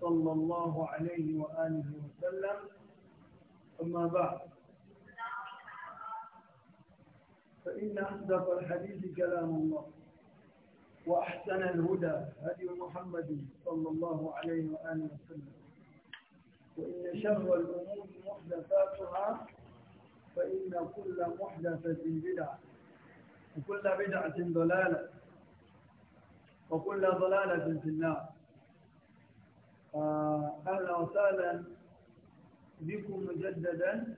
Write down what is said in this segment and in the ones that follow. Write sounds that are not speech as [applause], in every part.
صلى الله عليه وآله وسلم أما بعد فإن أصدق الحديث كلام الله وأحسن الهدى هدي محمد صلى الله عليه وآله وسلم وإن شر الأمور محدثاتها فإن كل محدثة بدعة وكل بدعة ضلالة وكل ضلالة في النار أهلا وسهلا بكم مجددا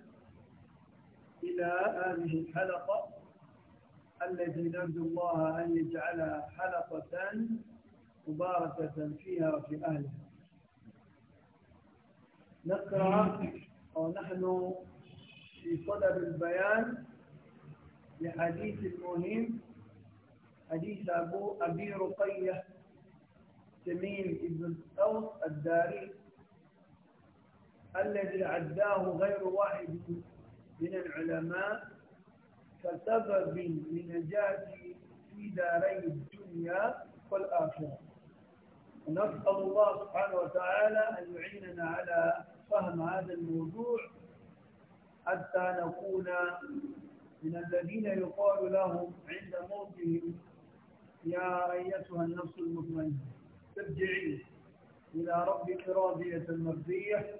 إلى هذه الحلقة التي نرجو الله أن يجعلها حلقة مباركة فيها وفي أهلها نقرأ أو نحن في صدر البيان لحديث مهم حديث أبو أبي رقية تميم بن أوس الداري الذي عداه غير واحد من العلماء كسبب لنجاته في داري الدنيا والآخرة ونسأل الله سبحانه وتعالى أن يعيننا على فهم هذا الموضوع حتى نكون من الذين يقال لهم عند موتهم يا أيتها النفس المطمئنة فاسترجعي إلى ربك راضية مرضية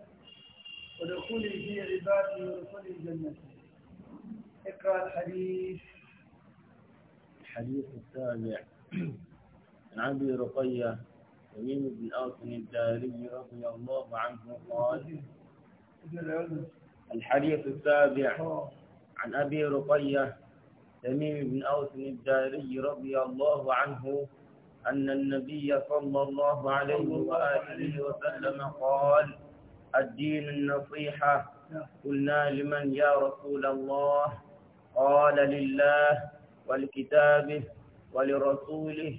ودخولي في عبادي وادخلي الجنة اقرأ الحديث الحديث السابع عن أبي رقية تميم بن أوس الداري رضي الله عنه قال الحديث السابع آه. عن أبي رقية تميم بن أوس الداري رضي الله عنه أن النبي صلى الله عليه وآله وسلم قال الدين النصيحة قلنا لمن يا رسول الله قال لله ولكتابه ولرسوله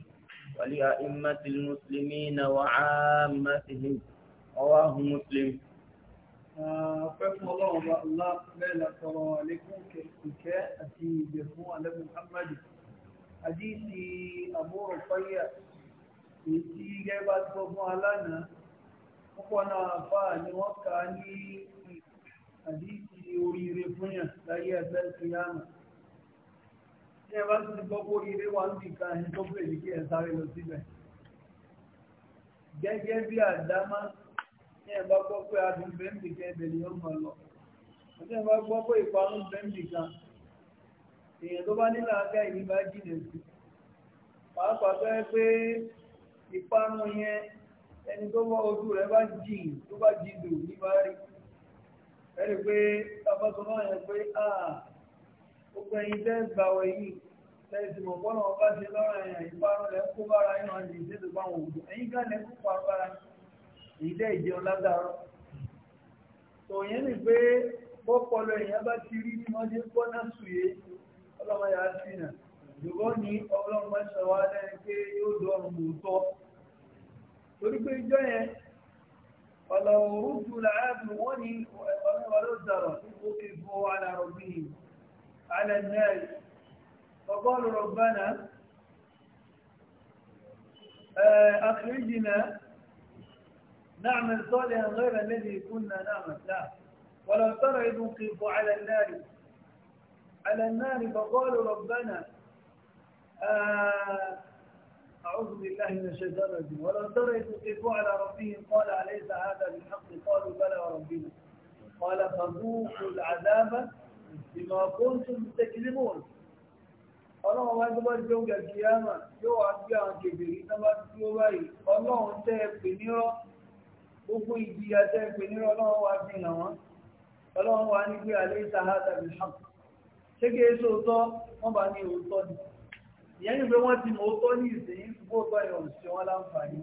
ولأئمة المسلمين وعامتهم رواه مسلم ọ̀pẹ́kùn الله الله ńlá lẹ́lẹ́kọ̀ọ́ alẹ́kùn لكم àti في alẹ́kùn محمد àdíṣì àmúrò fáyà èyí tí gẹ́gẹ́ bá ti gbọ́ alánà púpọ̀ náà fà ní wọ́n kà á ní àdíṣì oríire fún yàn láyé ẹgbẹ́ ìyáàmù tí ẹ bá ti ti gbọ́ oríire wà ń bìkà ẹni tó pè ní kí ẹ sáré lọ síbẹ̀ gẹ́gẹ́ bí àdámá ní ẹ bá gbọ́ pé adùn bẹ́ẹ̀ ń bìkà ẹbẹ̀ ni wọ́n mọ̀ lọ àti ẹ bá gbọ́ pé ìparun bẹ́ẹ̀ ń bìkà èèyàn tó bá nílò àga yìí bá jìnà sí pàápàá tó yẹ pé ìparun yẹn ẹni tó bá ojú rẹ bá jìn tó bá jìdò ní bá rí ẹni pé abọ́tọ̀ náà yẹ pé a ó pẹ́ yín tẹ́ gbà wọ yìí mọ̀ bá ṣe lọ́rọ̀ rẹ kó bára yín wọn lè ká kó bára dẹ́ ìjẹun ládàárọ̀ yẹn ni pé èèyàn bá ti rí wọ́n gbọ́ náà sùn yé ọlọ́mọ yà á sí nà ṣùgbọ́n ní ọlọ́mọ ṣe wá lẹ́yìn pé yóò dọ̀rùn lóòótọ́ torí pé ìjọ yẹn ọ̀là òrùtù làábù wọ́n ní ọlọ́mọ ló dàrọ̀ ókè fún wàhálà rọ̀bì àlẹ́ náà ọgọ́rù rọ̀bánà أخرجنا نعمل صالحا غير الذي كنا نعمل لا ولو ترى إذ على النار على النار فقالوا ربنا آه أعوذ بالله من الشيطان الرجيم ولو ترى إذ وقفوا على ربهم قال أليس هذا بالحق قالوا بلى وربنا قال فذوقوا العذاب بما كنتم تكذبون ọlọ́run wá tó bá jẹ́ oúnjẹ kìíyàmà yóò wá gbé àwọn kèbèrè tó bá tí báyìí ọlọ́run tẹ́ ẹ pè nírọ́ gbogbo ìjìyà tẹ́ ẹ pè nírọ́ ọlọ́run wá fi hàn wọ́n ọlọ́run wá ní pé àlẹ́ ìtàhádà bí hàn ṣé kí é sóòótọ́ wọ́n bá ní òótọ́ ni ìyẹn ni pé wọ́n ti mọ òótọ́ ní ìsìn gbóòótọ́ yẹn sí wọn láǹfààní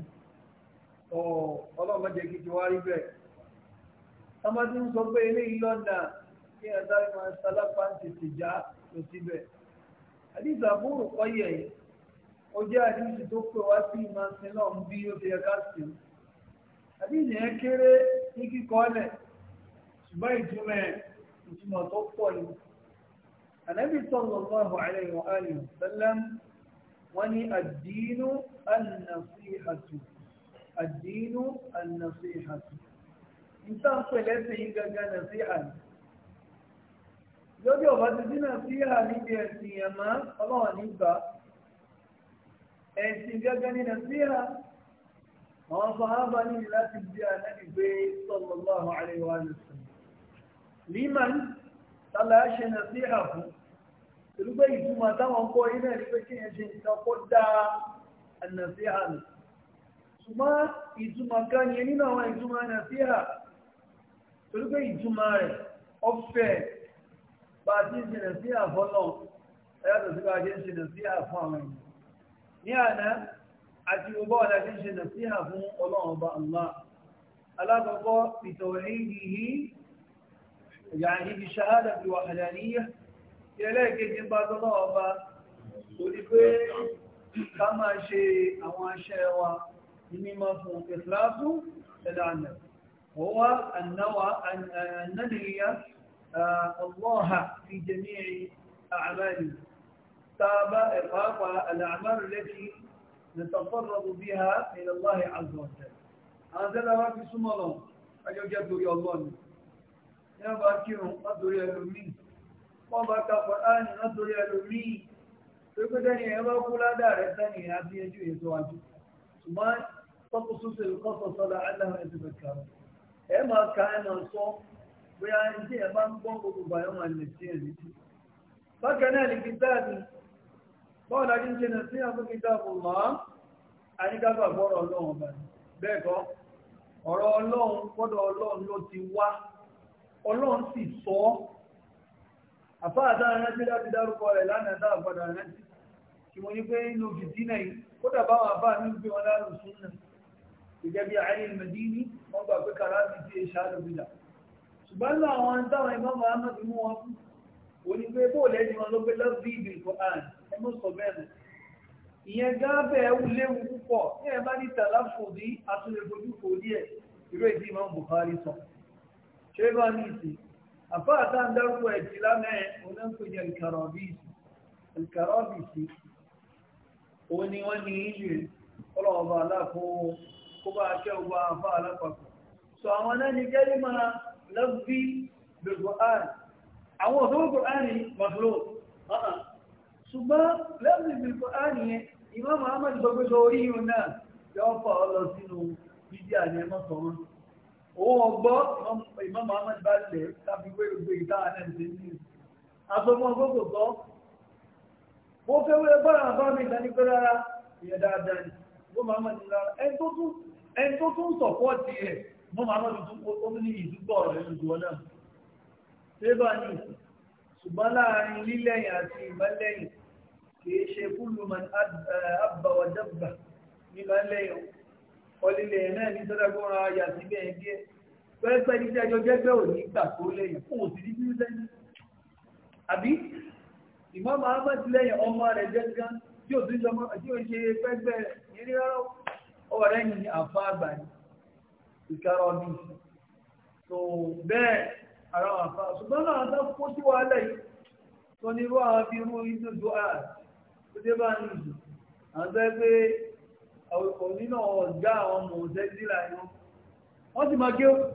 ọlọ́mọdé kì ti wá rí bẹ́ẹ̀ tọ́mọ ń sọ pé eléyìí lọ́nà kí ẹ sálápá já lọ àdìsá ó jẹ́ àdìsí tó pè wá sí ìmọ̀sìn náà ń bí ó ti sí i àdìsí yẹn kéré ní kíkọ́ ọ̀lẹ̀ ṣùgbọ́n ànábì sallallahu alayhi wa alihi wa sallam wọ́n ní ad-dinu an-nasihatu ad-dinu an-nasihatu nǹkan pẹ̀lẹ́ sí yí gangan nàṣíhà ni lójú ọba ti dín nàṣíhà níbi ẹ̀sìn ẹ̀mọ́ ọlọ́wọ̀n nígbà ẹ̀sìn gangan ní nàṣíhà àwọn sọ̀hábà ní láti bí ànábì gbé sallallahu alaihi wa sallam liman tàlàṣẹ nàṣíhà fún pẹ̀lú pé ìtumọ̀ táwọn kọ́ iná ní pé kíyàn ṣe nǹkan kó dáa ànàfíà nù ṣùgbọ́n ìtumọ̀ kan yẹn nínú àwọn ìtumọ̀ ànàfíà pẹ̀lú pé ìtumọ̀ rẹ̀ ọ̀fẹ́ bá a ti ń ṣe nàfíà fọ́nà ẹ̀yàtọ̀ sí bá a fún àwọn èèyàn ní àná àti ọgbọ́ ọ̀dà ti ń fún ọlọ́run ọba Allah alákọ̀ọ́kọ́ ìtọ̀wẹ̀ ìdí yìí yàrá ibi ṣahádà bí wàhálà níyà ẹlẹ́ẹ̀kejì ń bá tọ́lọ́ ọba tó ní pé ká máa ṣe àwọn aṣẹ́ wa ní mímọ́ fún ìfìláàfún ẹ̀lànà هو النوى أن ننهي الله في جميع أعماله تاب إرقاق الأعمال التي نتقرب بها إلى الله عز وجل هذا لا في سمرة أجل جدو يا الله يا باكر قدر يا المين wọ́n bá ka Kùránì náà torí ẹlòmíì pé tẹ́ni bá kú ládàá rẹ̀ tẹ́ni ẹ̀ àti ṣùgbọ́n tọ́kù sóṣè kọ́sọ̀ aláwọ̀ ẹ̀sìn bẹ̀ka ẹ̀ máa ka ẹ̀ máa sọ ẹni tí ẹ̀ bá ń gbọ́ gbogbo bàyọ̀ ẹ̀ létí. bákan náà ní bọ́ọ̀lù sí mọ́ àfáàdá rántí láti dárúkọ rẹ̀ lánàá dáa padà rántí tí mo ní pé nínú fìdínà yìí kódà báwọn àbá mi ń gbé wọn lárùn súnà gẹ́gẹ́ bí ayé mẹ́dínì wọ́n gbà pé kàràbì tí èṣà ló bìlà ṣùgbọ́n ní àwọn táwọn ìmọ̀ Muhammad mú wọn fún òní pé bóò lẹ́yìn wọn ló gbé lọ́bí ìbì Quran ìyẹn gáàbẹ̀ ẹ̀wù púpọ̀ ní ẹ̀ ní tàlá fòdí atúnlẹ̀ fojú fòdí ẹ̀ ìró ìdí Imam Bukhari sọ ṣé bá ní ìsìn àfáàtà ń dárúkọ ẹ̀jì lámẹ́ onípẹ̀jẹ̀ ìkàrọ̀bìsì ìkàrọ̀bìsì òun ni wọ́n ní ìlú ọlọ́ọ̀bà aláàfọwọ́ kó bá aṣẹ́ ọgbà àfá alápapọ̀ so àwọn náà ni kẹ́lí máa lọ́gbí gbogbo ààrẹ àwọn òṣòwò ààrẹ mọ̀tòló ṣùgbọ́n lọ́gbí gbogbo ààrẹ yẹn ìmọ̀ muhammad gbogbo orí yìí náà yọ òun ọgbọ́ ìmọ̀ Muhammad bá lè tàbí wéèrè ìtara náà ṣe ní àtọmọ gbogbo sọ wọ́n fẹ́ wẹ́rẹ́ bọ́ra àbá mi ìdání pé rárá ìyẹn dáadáa ni wọ́n Muhammad rárá ẹni tó tún sọ̀pọ́ọ̀tì rẹ̀ wọ́n Muhammad tó ní ìdúgbò rẹ̀ lójú ọ̀nà tẹ́bà ní ṣùgbọ́n láàrin lílẹ́yìn àti ìmọ̀lẹ́yìn kìí ṣe kúlùmọ̀ àbàwọ̀dàbà ní ìmọ̀lẹ́yìn ọlílẹ̀ náà ní tọ́lágbọ́n ara síbẹ̀ díẹ̀ pẹ́ẹ́pẹ́ ní tí ẹjọ́ jẹ́gbẹ́ ò ní gbà tó lẹ́yìn fún òsì ní lẹ́yìn àbí ìmọ̀ máa bá ti lẹ́yìn ọmọ rẹ̀ jẹ́ tí ò tí ò ṣe pẹ́ẹ́pẹ́ yẹn ní rárá yìí àgbà ni ìkarọ̀ bí so ara ṣùgbọ́n náà kó sí tó ní irú àwọn bí irú inú ju àà tó dé bá ní pé òní náà àwọn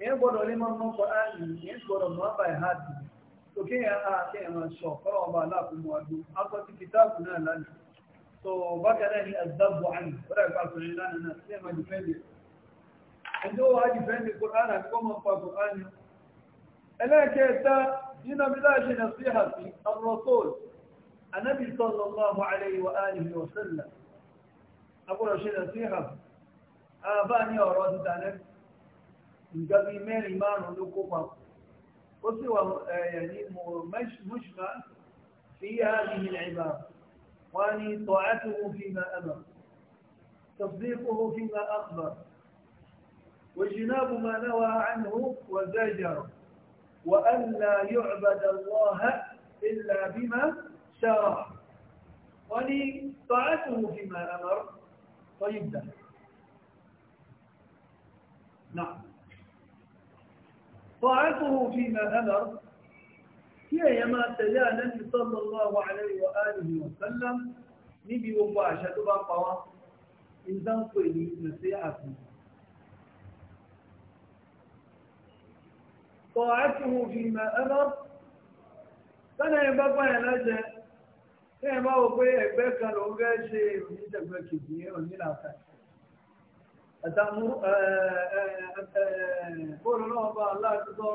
èyàn gbọ́dọ̀ lé mọ́ mọ́ pọ̀ áàlì èyàn gbọ́dọ̀ mọ́ bàí hàtì tó kí èyàn á kí èyàn sọ fọ́lọ́ ọba aláàfin wàdú akọ ti kìtáàbù náà lánàá tó bákan náà ni azabu àmì wọ́n rẹ̀ pàṣẹ ní lánàá náà sí ẹ̀mọ́ dìfẹ́ndì ẹjọ́ wa dìfẹ́ndì kùránà àti kọ́mọ pa kùránì ẹlẹ́ẹ̀kẹta nínú bí láti nà sí àti arọ́sọ́l anábì sallallahu alayhi wa alihi wa sallam akọ̀rọ̀ ṣe nà sí àti àbá ní ọ̀rọ̀ ti tànẹ́bì nǹkan bíi mẹ́rin márùn ló يعني papọ̀ ó sì هذه العبارة واني طاعته فيما أمر تصديقه فيما أخبر وجناب ما نوى عنه وزجر وأن لا يعبد الله إلا بما شرع واني طاعته فيما أمر طيب ده نعم طاعته فيما أمر هي يما تجاه النبي صلى الله عليه وآله وسلم نبي وباشا تبا قوى إن تنقلي نصيحة طاعته فيما أمر فأنا يبقى يلاجه كما هو بيه بيه كان هو بيه شيء ونجد بيه كبير ونجد àtàmú bóòlù náà bá aláàtútọ́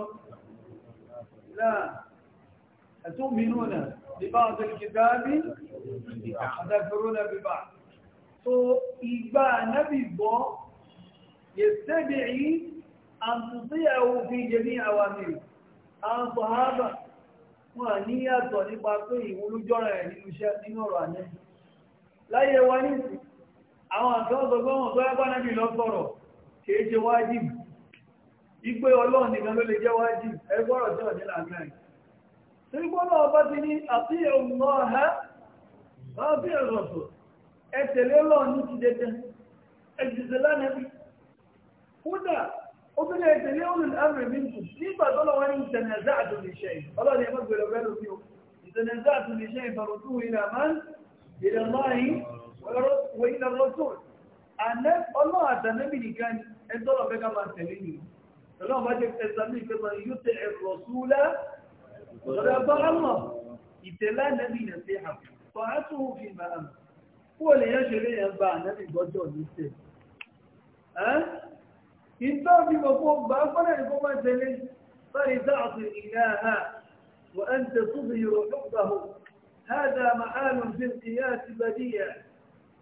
náà àtúnmínúnà bíbá àtàkìtàbí àtàkìrúnà bíbá so ìgbà náàbì bọ́ yẹ̀sẹ́bìí àtúntíyàwó fi jẹ́ ní àwàmìrì àwọn sọ̀hábà wọ́n ní yàtọ̀ nípa pé ìwúlújọ́rẹ̀ nínú ọ̀rọ̀ àyẹ́ láyé wa ní ìsìn àwọn àtọ́gbọ́gbọ́n tó yẹ́gbọ́n náà bí lọ sọ̀rọ̀ kìí ṣe wájì ìgbé ọlọ́run nìkan ló lè jẹ́ wájì ẹgbọ́rọ̀ tí ọ̀dẹ́ làgbẹ̀rẹ̀ torí gbọ́nà ọba ti ní àti ọmọ ọ̀há bá bí ẹ̀rọ̀sọ̀ ẹ tẹ̀lé lọ́ọ̀nù ti dẹ́tẹ́ ẹ jìṣẹ́ lánàá bí kódà obìnrin ẹ tẹ̀lé olùlù amẹ̀ mi kù nígbà tó lọ́wọ́ ní ìtẹ̀nẹ̀zá àtúnṣe ọlọ́run ẹ̀mọ́ gbèrè ọ̀rẹ́ وإلى الرسول أنا الله أتنبي كان أنت الله بك ما تليني الله ما جاك تسمي كما يطع الرسول غرب الله إتلا نبي نصيحة طاعته فيما أمر هو اللي يجري ينبع نبي بجو نسيح ها؟ إنتظر بمفوق بأفنا لكم ما فاذا اعطي الإله وأنت تظهر حبه هذا معان في القياس بديع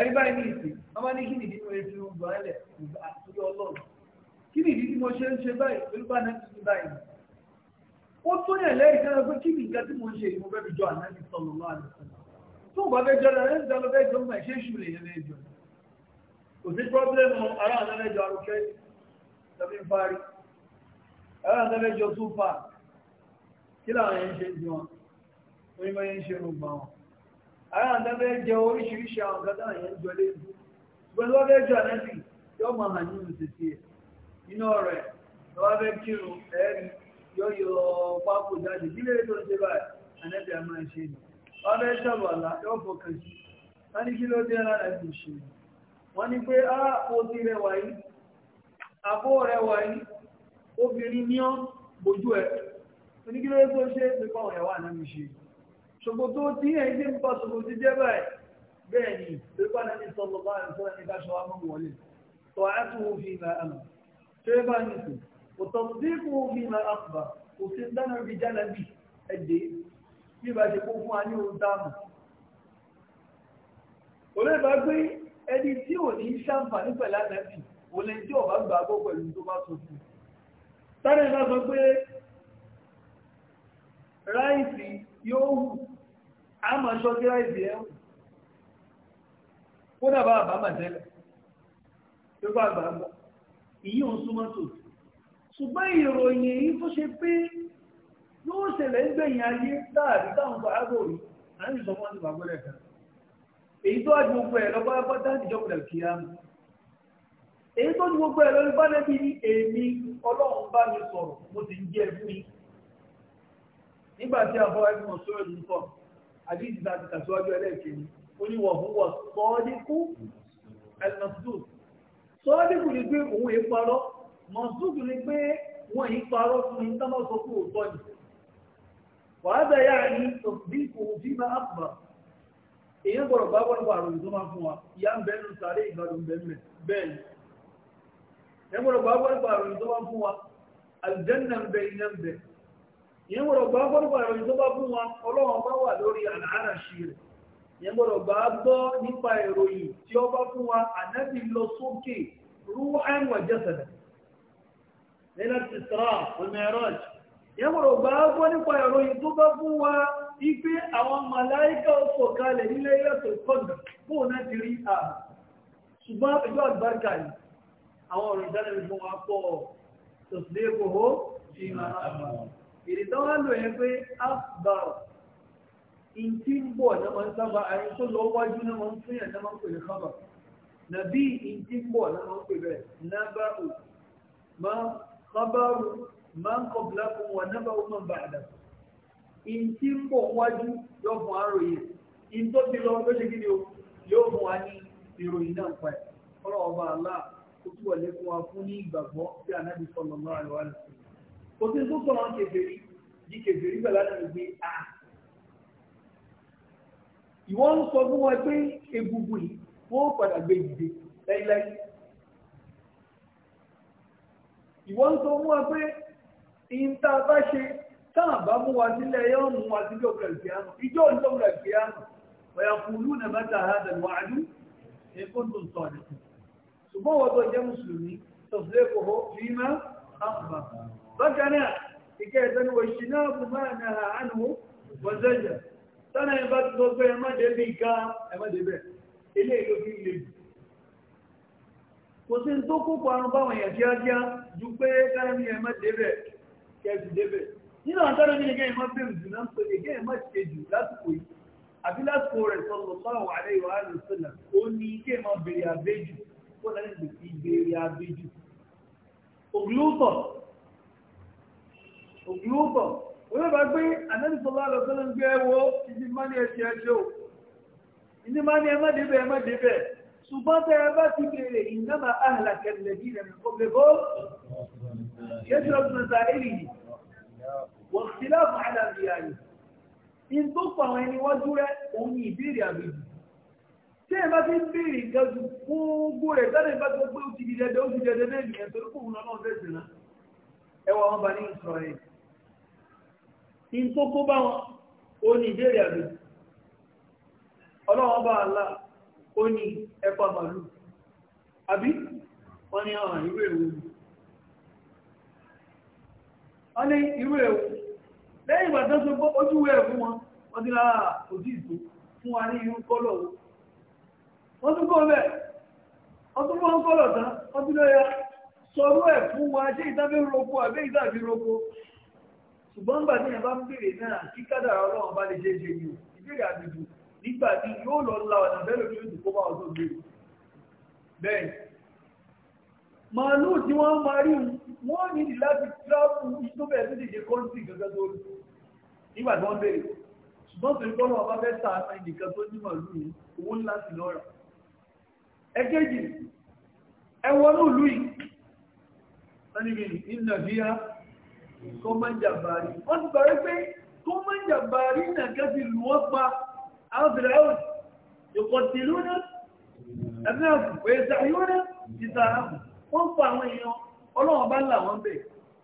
ẹ̀rí báyìí ní ìsìn ọmọ ní kí nìdí mo fi ń gbọ́ ẹ̀lẹ̀ àtúnyọ ọlọ́run kí nìdí tí mo ṣe ń ṣe báyìí pẹ̀lú bá náà ti ní báyìí ó tó yàn lẹ́yìn kan pé kí nìkan tí mo ń ṣe ìmọ̀ bẹ́ẹ̀ jọ ànábì sọ̀rọ̀ lọ́wọ́ àná tó ń bá fẹ́ jọ lọ́wọ́ ẹ̀ńdà lọ́wọ́ ẹ̀jọ̀ mọ̀ ẹ̀ṣẹ́ ìṣù lè yẹn jọ kò sí pọ́blẹ́mù ará arúkẹ́ tàbí ń ara àwọn tẹ́fẹ́ jẹ oríṣiríṣi àwọn kátà yẹn jọ lé ibú ṣùgbọ́n tó fẹ́ jọ ànẹ́bì yóò mọ hàn nínú tètè ẹ̀ inú ọ̀rẹ́ tó wá fẹ́ kírun ẹ̀rí yóò yọ pápó jáde kí lóye tó ń ṣe báyìí ànẹ́bì á máa ṣe ni wọ́n fẹ́ ṣàbọ̀ àlá yóò fọkàn sí wọ́n ní kí ló dé lára ẹ̀sìn ṣe ni wọ́n ní pé á o ti rẹwà yìí àbó rẹwà yìí obìnrin ní ọ́ bójú ẹ̀ oníkílóye tó ṣe é pé kọ́ ṣòkòtò tí ẹ̀ ń bá ṣòkòtò jẹ́ báyìí bẹ́ẹ̀ ni pípa náà ní sọ́lọ́ bá ń sọ́lọ́ ní káṣọ wa mọ́ wọlé tó a tún wò fi ìlà àmà ṣé bá ní sùn kò tọ́ sí kò fi ìlà àkùbà kò gbé ẹni tí ò ní ṣàǹfààní pẹ̀lú ànábì òun ẹni tí ò bá gbàgbọ́ pẹ̀lú tó bá sọ fún un. sáré pé ráìsì yóò hù a máa ṣọ́ sí ráìsì ẹ̀ kó dàbà àbámà tẹ́lẹ̀ tó bá gbà gbọ́ ìyí òun súnmọ́ tò ṣùgbọ́n ìròyìn èyí tó ṣe pé yóò ṣẹlẹ̀ ń gbẹ̀yìn ayé láàrin táwọn bá ágbò rí à ń sọ fún àtìbà gbọ́dẹ̀ kan èyí tó àti gbogbo ẹ̀ lọ́pọ̀ apáta ìjọba kì í á mú èyí tó ti gbogbo ẹ̀ lórí bá lẹ́bí ní èmi ọlọ́run bá mi sọ̀rọ̀ mo sì ń jẹ́ fún yín nígbà tí àbọ̀ ẹgbẹ́ mọ̀ sórí ìlú fọ́ọ̀mù àdíjì náà ti tàṣíwájú ẹlẹ́ẹ̀kejì ó ní wọ̀ fún wọ̀ sọ́ọ́dínkù ẹ̀lmọ̀sùdùn sọ́ọ́dínkù ni pé òun yìí parọ́ mọ̀sùdùn ni pé wọ́n yìí parọ́ fún ní tọ́mọ̀ sọ fún òótọ́ ni wàhálà yà ní tọ̀sídínkù fi máa àpà èèyàn gbọ́dọ̀ bá wọn wà àròyìn tó máa fún wa ìyá ń bẹ́ẹ̀ nù sáré ìgbàdùn bẹ́ẹ̀ bẹ́ẹ̀ ni gbọ́dọ̀ bá wọn àròyìn tó máa fún wa àlùjẹ́ nà ń bẹ iná ń bẹ́ẹ̀ yẹn gbọ́dọ̀ gbá gbọ́dọ̀ ìròyìn tó bá fún wa ọlọ́run bá wà lórí àlàárà sí rẹ̀ yẹn gbọ́dọ̀ gbá gbọ́ nípa ìròyìn tí ó bá fún wa ànábì lọ sókè ruhan wa jasada nílẹ̀ tìsírà al-Mi'raj yẹn gbọ́dọ̀ gbá gbọ́ nípa ìròyìn tó bá fún wa ipe àwọn màláìkà ó sọ̀kalẹ̀ nílé yàtọ̀ kọ́dà fún ìrìtọ́ wá lò yẹn pé afbar ìntí ń bọ̀ náà máa ń sábà àyè tó lọ wájú náà máa ń fún yàn náà máa ń pè ní kábà nàbí ìntí ń bọ̀ náà máa ń pè bẹ́ẹ̀ nábàrù máa kábàrù máa ń kọ̀bùlá fún wọn nábàrù máa ń bà àdà ìntí ń bọ̀ wájú yóò fún àròyé ìntó ti lọ ló ṣe kí ni o yóò fún wa ní ìròyìn náà pa ẹ̀ ọlọ́wọ́ bá a lá túbọ̀ lé fún ní ìgbàgbọ́ sí kò sí tó sọ̀rọ̀ kèfèrí di kèfèrí bẹ̀rẹ̀ láti gbé a. ìwọ ń sọ fún wa pé egungun yìí wọ́n padà gbé ìdíje láíláí. ìwọ ń sọ fún wa pé ìyìn tá a bá ṣe táà bá mú wa sílẹ̀ yóò mú wa sílẹ̀ òkè ìfìyàmù ìjọ ìjọ òkè ìfìyàmù ọ̀yàkùnlú nà mẹ́ta àádọ́ wàádùú ẹ̀kọ́ tó ń sọ ṣùgbọ́n wọ́n tó jẹ́ mùsùlùmí tọ̀sílẹ̀ kò hó fíìmà àkùbà bákan náà ìkẹ́ ìtẹ́nu òṣì náà bù máa nà ánú wọ́nzẹ́jẹ̀ tánà ìbá ti sọ pé ẹmọ́débí nǹkan ẹmọ́débẹ̀ fi lè jù kò sí tó kópa àrùn báwọn èèyàn kíákíá ju pé káyọ̀ ní ẹmọ́débẹ̀ kẹ́ẹ̀sì òbí ó bọ̀ olóòbá gbé ànábì sallallahu alaihi wasallam ń gbé ẹwọ́ ìdí má ní ẹsẹ̀ ẹjọ́ o ìdí má ní ẹmọ́ débẹ̀ ẹmọ́ débẹ̀ ṣùgbọ́n tẹ́ ẹ bá ti bèèrè innama ahlaka alladhina min qablikum kathratu masailihim wa ikhtilafu ala anbiya'ihim in tó pa àwọn ẹni wájú rẹ òun ni ìbéèrè àbèjì tí ẹwà wọn bá ní ìsọ̀rọ̀ yìí in tó kó bá wọn ó ní ìbéèrè àbí ọlọ́wọ́n bá àlá ó ní ẹ̀pà màlúù àbí wọ́n ní àwọn ìwé ìwé wọ́n ní ìwé ìwé lẹ́yìn ìgbà tó ṣe ojúwé ẹ̀ fún wọn wọ́n ti lára òjì ìtò fún wa ní irú kọ́lọ̀ wọ́n tún kọ́ bẹ́ẹ̀ wọ́n tún ṣùgbọ́n nígbà tí yẹn bá ń bèèrè náà kí kádàrá ọlọ́run bá lè ṣe é ṣe ni o ìbéèrè àgbègbè nígbà tí yóò lọ la ọ̀nà bẹ́ẹ̀ lórí ìdù kó bá ọdún bèèrè bẹ́ẹ̀ màálù tí wọ́n máa rí wọ́n nílì láti tíráàpù ìtọ́bẹ̀ tó dìde kọ́ńtì gẹ́gẹ́ tó rí nígbà tí wọ́n bèèrè ṣùgbọ́n tó ń kọ́ lọ́wọ́ bá fẹ́ ta àwọn tó ní màálù yìí owó ńlá sí lọ́ra ẹ̀kejì ẹ̀wọ̀n ní ìlú yìí kó má jàbárí wọ́n ti bàrí pé kó má jàbárí náà kẹ́ ti lù wọ́n pa àwọn bèrè àwọn ìkọ̀ tìlú náà ẹ̀mí àbù pé ṣàyọ́ náà ti ta àbù wọ́n pa àwọn èèyàn ọlọ́run bá là wọ́n bẹ̀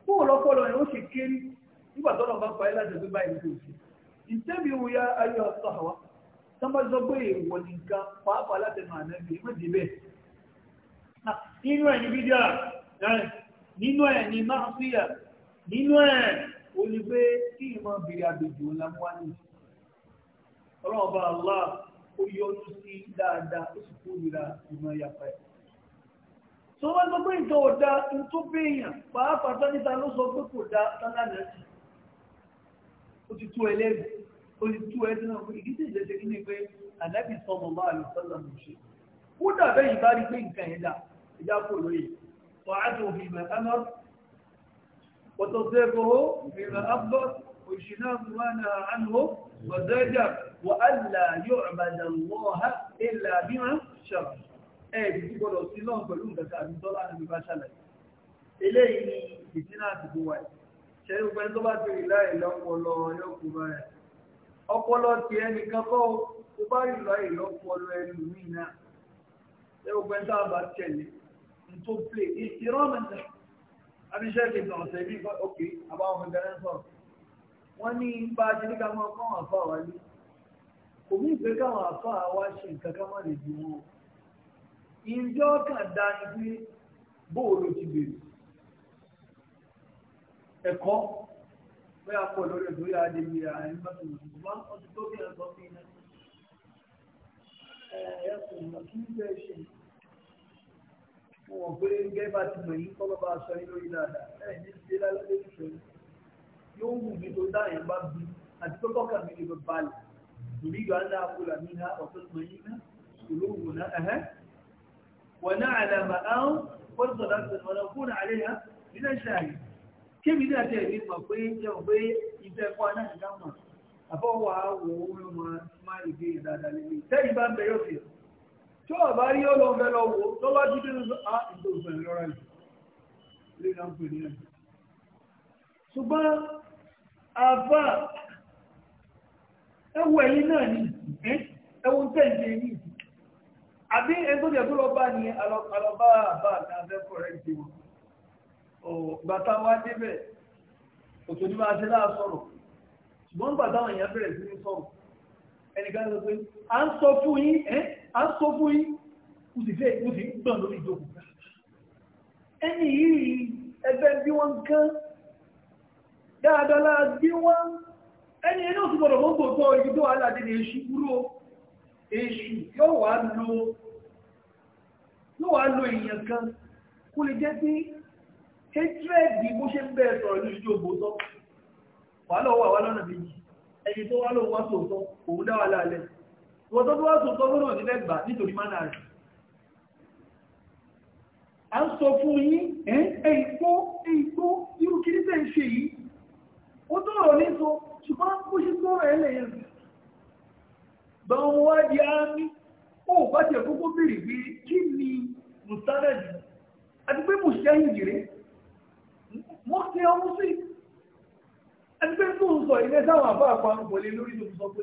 fún ọlọ́pọ̀lọ́ yẹn ó ṣe kéré nígbà tọ́lọ́ bá parí láti ẹgbẹ́ báyìí ló ṣe ìtẹ́bi wo ya ayé ọ̀sán àwa tọ́mọ́sọ pé èèwọ̀ nìkan pàápàá láti máa nẹ́bi ìwéde bẹ́ẹ̀ ah, nínú ẹ̀ ní máa ń fìyà nínú ẹ̀ o ní pé kí ìmọ̀ bèrè àgbègbè ńlá wá ní ìsìn ọlọ́run bá Allah ó yọjú sí dáadáa ó sì kórìíra ìmọ̀ ìyàpá ẹ̀ tó bá sọ pé nǹkan ò da tó béèyàn pàápàá tánítà ló sọ pé kò da tánàdà sí ó ti tú ẹlẹ́rìí ó ti tú ẹdín náà pé ìdí sì lẹ́sẹ̀ kí ni pé ànábì sọmọ máa lò sọ́dọ̀ mọ̀ ṣe kódà bẹ́yìn bá rí pé nǹkan yẹn ìjà kò lóye wàá tó fi mẹ́ta وتصديقه فيما أفضل واجتناب ما نهى عنه وزجر وألا يعبد الله إلا بما شرع ẹ̀ẹ́dì tí gbọ́dọ̀ sí lọ́n pẹ̀lú ìgbẹ̀ta àti tọ́lá ní bá ṣàlàyé eléyìí ni ìdínà àtìkò wà ṣe ń pẹ́ tó bá ti rí láì lọ́pọlọ yọ́kù bá rẹ̀ ọpọlọ ti ẹnìkan kọ́ ó bá rí láì lọ́pọlọ ẹnu mí náà ṣe ń pẹ́ tó bá tẹ̀lé ní tó pè é ìrọ́mẹ̀tẹ̀ abíṣẹ́kì ìtàn ọ̀sẹ̀ bí òkè àbáwọn ọmọ ìgbẹ́rẹ́ sọ̀rọ̀ wọ́n ní bá a ti ní ká máa kọ́ àwọn àfa wa ní òmí ìgbé káwọn àfa wa ṣe nǹkan ká má lè dùn wọn ìjọ kan dá ní pé bóòlù ti bèrè ẹ̀kọ́ pé a pọ̀ lórí ìgbóyà adébí àárín bàtà òṣùwọ̀n máa ń kọ́ ti tó bí ẹ̀kọ́ sí iná ẹ̀ẹ́dẹ̀kùn kí ń bẹ́ẹ̀ ṣe fún wọn pé gẹ́gẹ́ bá ti mọ̀ yìí kọ́lọ́ bá aṣọ yín lórí dáadáa ẹ̀ ní ṣe lálẹ́ ìṣòro yóò wù mí tó dáhùn yẹn bá bí àti pé kọ́kà mi lè balẹ̀ ìrí ìgbà ń dáa kó làmì ha ọ̀tún mọ̀ yín ná olówó ná ẹ̀hẹ́ wọ̀n náà àlàmà áhùn wọ́n sọ̀rọ̀ àti ọ̀nà fún àlẹ́ yá nínú ẹ̀ṣẹ̀ àyè kébì náà tẹ̀ mí mọ̀ pé jẹ́ òun pé ìfẹ́ ẹ̀kọ́ anáàdìgá mọ̀ àbọ̀wọ̀ àwọ̀ òun tó àbá rí ó lọ fẹ́ lọ wò tó bá ti dínú sọ á ah, ìgbò òfin lọ́ra ìjọ lè náà pè ní ẹ̀jẹ̀ ṣùgbọ́n àbá ẹwọ ẹ̀yìn náà ní ẹwọ tẹ̀sí ní ìsìn àbí ẹgbẹ́ ìjẹ́ tó lọ bá ní alọ́bá àbá àtàfẹ́kọ̀ọ́ rẹ̀ ti wọn bàtà wá débẹ̀ òtò ní máa ṣe láà sọ̀rọ̀ ṣùgbọ́n bàtà wọn yẹn bẹ̀rẹ̀ sí ní sọ̀rọ̀ ẹnìkan sọ pé à ń sọ fún yín a ń sọ fún yín kò sì fẹ́ ìwọ́n fi ń gbọ̀n lórí ìjókòó ẹni yìí ẹgbẹ́ bí wọ́n ń kán dáadáa bí wọ́n ẹni inú ti gbọ́dọ̀ mọ́gbò tó ibi tó wà láti ní èṣù kúrò èṣù yóò wá lo èèyàn kan kó lè jẹ́ pé hétrẹ́ẹ̀dì bó ṣe ń bẹ̀rẹ̀ sọ̀rọ̀ ní ìjọ ògbótọ́ wà lọ́wọ́ wà lọ́nà méjì ẹni tó wá lóun wá sóòtọ́ òun dáwà láàlẹ́ wọ́n tó wá sùn tọ́gbọ́nà nílẹ̀ gbà nítorí má náà rẹ̀ a ń sọ fún yín ẹ̀ẹ́kó ẹ̀ẹ́kó irú kiri tẹ́ ń ṣe yìí ó tọ́rọ̀ ní sọ ṣùgbọ́n bó ṣe tọ́rọ̀ ẹ̀ lẹ́yìn rẹ̀ bá wọn wá di ámì ó bá tiẹ̀ kókó bèrè pé kí ni mùsálẹ̀dì àti pé mùsíáyìn jìrè mọ́tí ọmú sí àti pé tó ń sọ ilé sáwọn àbá àpamọ́ pọ̀lẹ́ lórí tó ń sọ pé